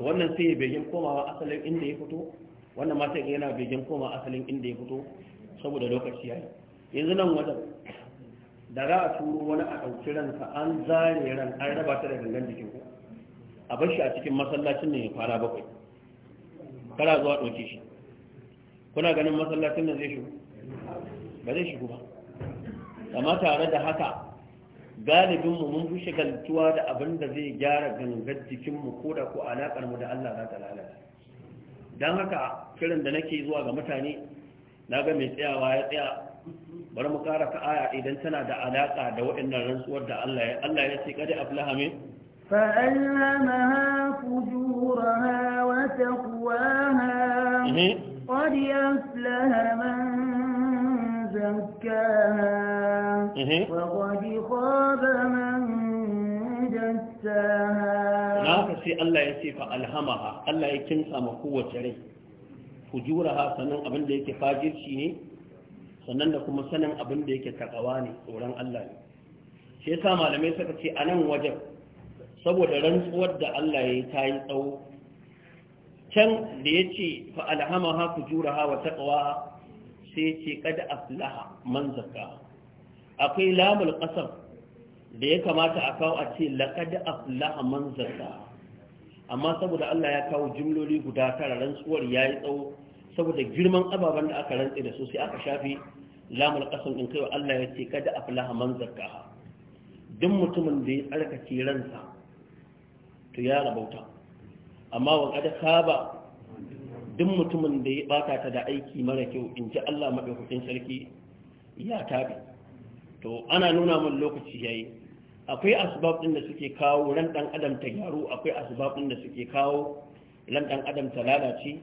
wannan sai ya begen komawa asalin inda ya fito wannan ma sai ga yana begen komawa asalin inda ya fito saboda lokaci yayi yanzu nan wajen da za a turo wani a ɗauki ranka an zare ran an raba ta da gangan jikin ku a bar shi a cikin masallacin ne ya fara bakwai kana zuwa ɗauke shi kuna ganin masallacin nan zai shigo ba zai shigo ba amma tare da haka galibin mu mun fi shagaltuwa da abin da zai gyara gangar jikinmu ko da ko mu da Allah za ta lalata don haka kiran da nake zuwa ga mutane na ga mai tsayawa ya tsaya bari mu kara ka aya idan tana da alaƙa da waɗannan rantsuwar da Allah ya Allah ya ce kada aflaha min فجورها وتقواها قد أفلح من زكاها وقد خاب من دساها ناك سي الله يسي فألهمها الله يكنسى مقوة ري فجورها سنن أبن ديك فاجر شيني sannan da kuma sanin abin da yake takawa ne tsoron Allah ne shi yasa malamai suka ce a nan wajen saboda rantsuwar da Allah ya yi ta yi tsawo can da ya ce fa alhamaha fujuraha wa taqwa sai ce kada aflaha man zaka akwai lamul qasam da ya kamata a kawo a ce laqad aflaha man zaka amma saboda Allah ya kawo jimloli guda tara rantsuwar yayi tsawo saboda girman ababen da aka rantsi da su sai aka shafi lamul qasam din kai Allah ya ce kada aflaha man zaka duk mutumin da ya tsarkake ransa to ya rabauta amma wa kada saba duk mutumin da ya bata ta da aiki mara kyau in ji Allah maɗaukakin sarki ya tabi to ana nuna min lokaci yayi akwai asbab ɗin da suke kawo ran ɗan adam ta gyaru akwai asbab ɗin da suke kawo ran ɗan adam ta lalace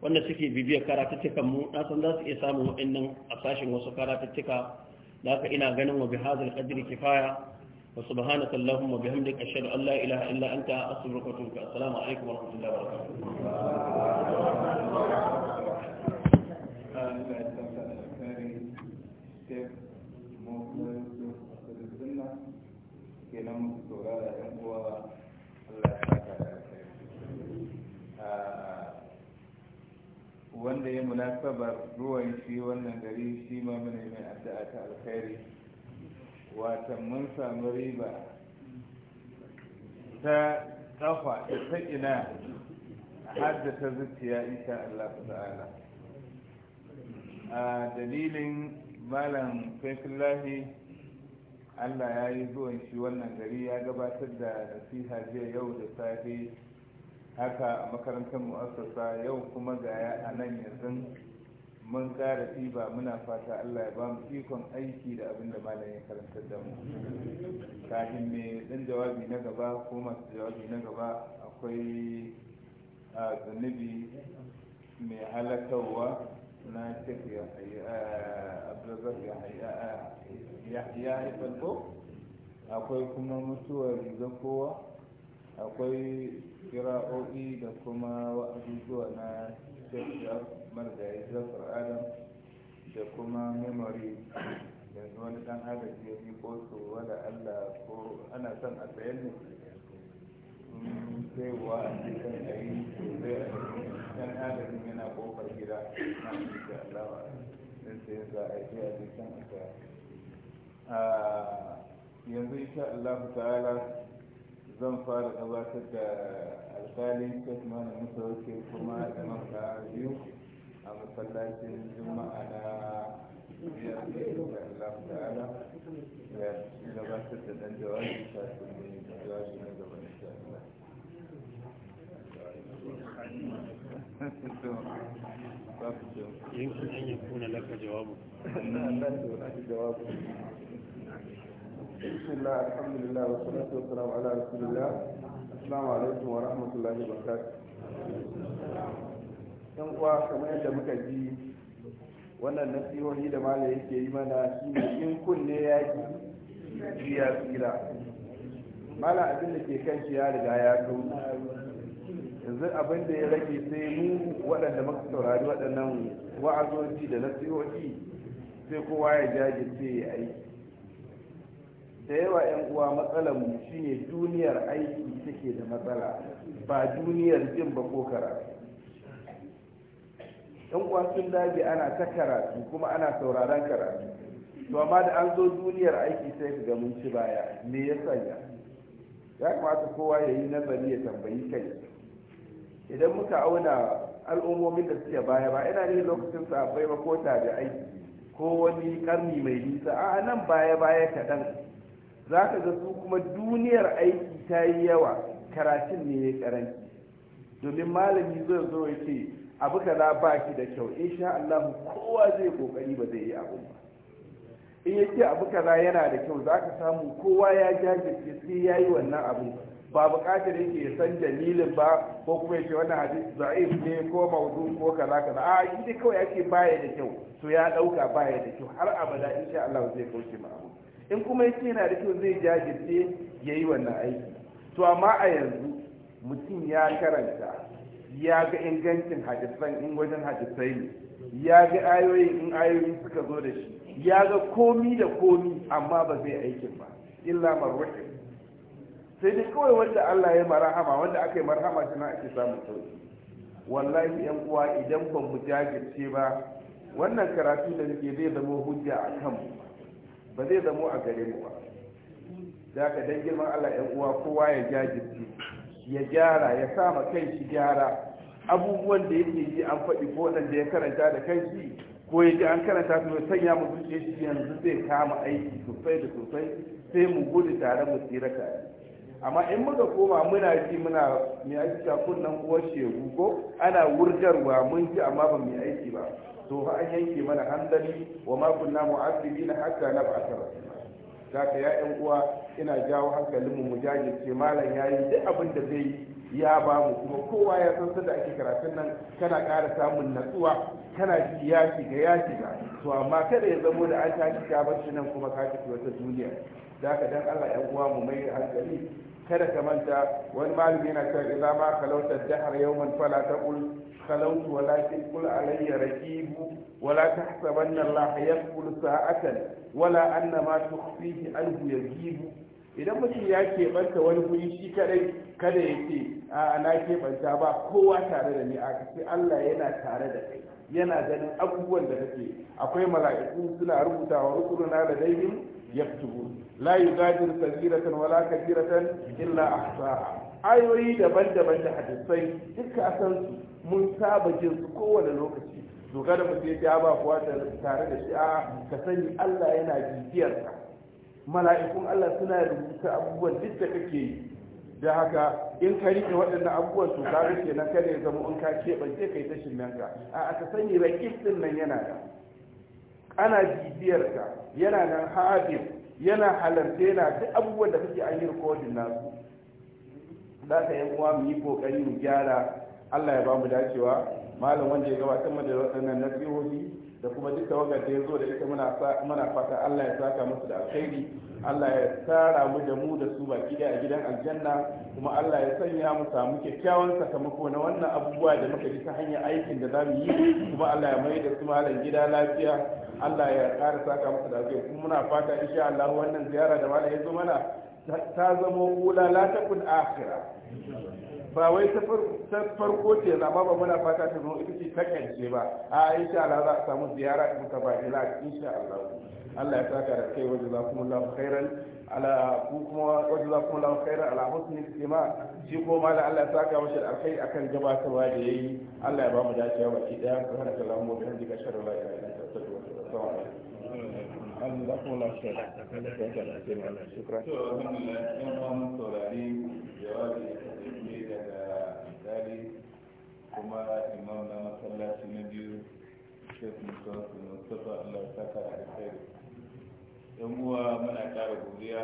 wanda suke bibiyar karatuttukan mu na san za su iya samun waɗannan a sashen wasu karatuttuka da haka ina ganin wa bihadhal qadri kifaya wa subhanaka allahumma bihamdika ashhadu an la ilaha illa anta astaghfiruka wa atubu ilaik assalamu alaikum wa rahmatullahi wa barakatuh wanda ya munasabar ruwan shi wannan gari shi ma muna mai addu'a ta alkhairi watan mun samu riba ta kafa da ta ina har da ta zuciya insha Allah ta'ala a dalilin malam faifullahi Allah ya yi zuwan shi wannan gari ya gabatar da nasiha jiya yau da safe haka a makarantar mu'assasa yau kuma gaya a nan yanzu mun kara ɗiba muna fata allah ya ba mu ikon aiki da abin da malam ya karantar da mu kafin me ɗan jawabi na gaba ko masu jawabi na gaba akwai a zunubi mai halakawa na cik ya haifar ko akwai kuma mutuwar rigar akwai kira'o'i da kuma wa'azuzuwa na shafiyar margayi zafar adam da kuma memory yanzu wani dan agaji ya yi kotu wada allah ko ana son a sayan ne mm, sai wa a cikin ayi sosai a dan agajin yana kofar gida na cikin allawa don sai za a yi a cikin a ah, yanzu insha allahu ta'ala zan fara gabatar da alkalin kasman musauki kuma da maka biyu a masallacin juma'a na biyar da Allah ta'ala ya gabatar da dan jawabi kafin ne jawabi na gaba insha Allah يمكن أن يكون لك جواب. لا da جواب. بسم الله الحمد لله والصلاة والسلام على رسول الله السلام عليكم ورحمة الله وبركاته yan uwa kamar yadda muka ji wannan nasihohi da malai yake yi mana shine in kunne ya ji ya tsira Malam abin da ke kan shi ya riga ya zo. yanzu abin da ya rage sai mu waɗanda muka saurari waɗannan wa'azoji da nasihohi sai kowa ya jajirce ya aiki da yawa 'yan uwa mu shine duniyar aiki take da matsala ba duniyar jin ba ko karatu yan uwa sun daji ana ta karatu kuma ana sauraron karatu to amma da an zo duniyar aiki sai ga mun ci baya me ya sanya ya kamata kowa ya yi nazari ya tambayi kai idan muka auna al'ummomin da suke baya ba ina ne lokacin sabai ba ko da aiki ko wani karni mai nisa a nan baya baya kaɗan za ka ga su kuma duniyar aiki ta yi yawa karatun ne ya karanci domin malami zai zo ya ce abu kaza ba ki da kyau insha Allah kowa zai kokari ba zai yi abu ba in ya ce abu kaza yana da kyau za ka samu kowa ya jajirce sai ya yi wannan abu ba bukatar yake ya san dalilin ba ko kuma ya ce wannan hadisi za'if ne ko maudu ko kaza kaza a shi dai kawai ake baya da kyau to ya dauka baya da kyau har abada insha Allah zai kauce ma abu in kuma ya ce yana da kyau zai jajirce ya yi wannan aiki to amma a yanzu mutum ya karanta ya ga ingancin hadisan in wajen hadisai ne ya ga ayoyin in ayoyin suka zo da shi ya ga komi da komi amma ba zai aikin ba illa marwaki sai dai kawai wanda Allah ya marahama, wanda aka yi marhama shi na ake samun sauki wallahi yan uwa idan ban mu jajirce ba wannan karatu da nake zai zama hujja a kanmu ba zai zamo a gare mu ba za ka dan girman Allah ‘yan uwa kowa ya jajirce ya gyara ya sama kai shi gyara abubuwan da yake yi an faɗi ko waɗanda ya karanta da kai shi ko ya ji an karanta su ya sanya mu zuciya shi yanzu zai kama aiki sosai da sosai sai mu gudu tare mu tsira ka amma in muka koma muna ji muna mai aiki ta kunnan uwar shegu ko ana wurgarwa mun ji amma ba mai aiki ba to fa an yanke mana handali wa ma kunna mu'azzibina hatta nab'atha za ka ya yan uwa ina jawo hankalin mu jajirce malam yayi duk abin da zai ya ba mu kuma kowa ya san sanda ake karatun nan kana ƙara samun natsuwa kana ji ya shiga ya shiga to amma kada ya zamo da an tashi ka barci nan kuma ka tafi wata duniya zaka dan Allah yan uwa mu mai hankali kada ka manta wani malami yana cewa idan ma kalautar dahar yawman fala kul خلوت ولكن قل علي ركيب ولا تحسبن الله يقبل ساعة ولا أن ما تخفيه عنه يجيب idan mutum ya keɓanta wani guri shi kadai kada ya ce a na keɓanta ba kowa tare da ni a sai Allah yana tare da kai yana ganin abubuwan da kake akwai mala'iku suna rubutawa na da daidai yaktubu la yugadiru sagiratan wala kabiratan illa ahsaha ayoyi daban-daban da hadisai duka a san su mun saba jin su kowane lokaci to da mu ya ba kuwa tare da shi a ka sani Allah yana bibiyar mala'ikun Allah suna rubuta abubuwan duk da kake yi da haka in ka rike waɗannan abubuwan su ka rike na kada ya zama in ka ce, ce kai ta nan ka a ka sani ba, din nan yana da ana bibiyar ka yana nan haɗin yana halarta yana duk abubuwan da kake an yi rikodin nasu za ka yan uwa mu yi kokari mu gyara Allah ya ba mu dacewa malam wanda ya gabatar mu da waɗannan nasihohi da kuma duka wakar ya zo da ita muna fata Allah ya saka musu da alkhairi Allah ya tsara mu da mu da su baki da a gidan aljanna kuma Allah ya sanya mu samu kyakkyawan sakamako na wannan abubuwa da muka ji ta hanyar aikin da za mu yi kuma Allah ya mai da su malam gida lafiya Allah ya ƙara saka musu da alkhairi kuma muna fata insha Allah wannan ziyara da malam ya zo mana ta zama ula la takun akhira ba wai ta farko ce zama ba muna fata ta zama ita ce ta kance ba a insha Allah za a samu ziyara ta mutabadila insha Allah Allah ya saka da kai wajen za kuma Allah khairan ala ku kuma wajen za kuma Allah khairan ala husni istima shi ko ma da Allah ya saka mashi alkhairi akan gabatarwa da yayi Allah ya ba mu dacewa baki daya subhanallahi wa da ashhadu an la ilaha illa anta astaghfiruka wa atubu ilaik an za ku na da kan da mana to yan saurari jawabi ne daga misali kuma imam na masallaci na biyu shek musamman allah ta kara da kai yan uwa muna kara godiya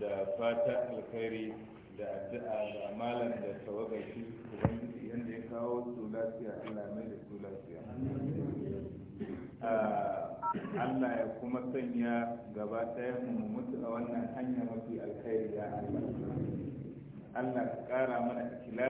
da fata alkhairi da addu'a da malam da tawagar yadda ya kawo su lafiya allah mai da su lafiya Allah ya kuma sanya gaba ɗaya mu mutu a wannan hanya mafi alkhairi ya Allah Allah ka ƙara mana ikilasi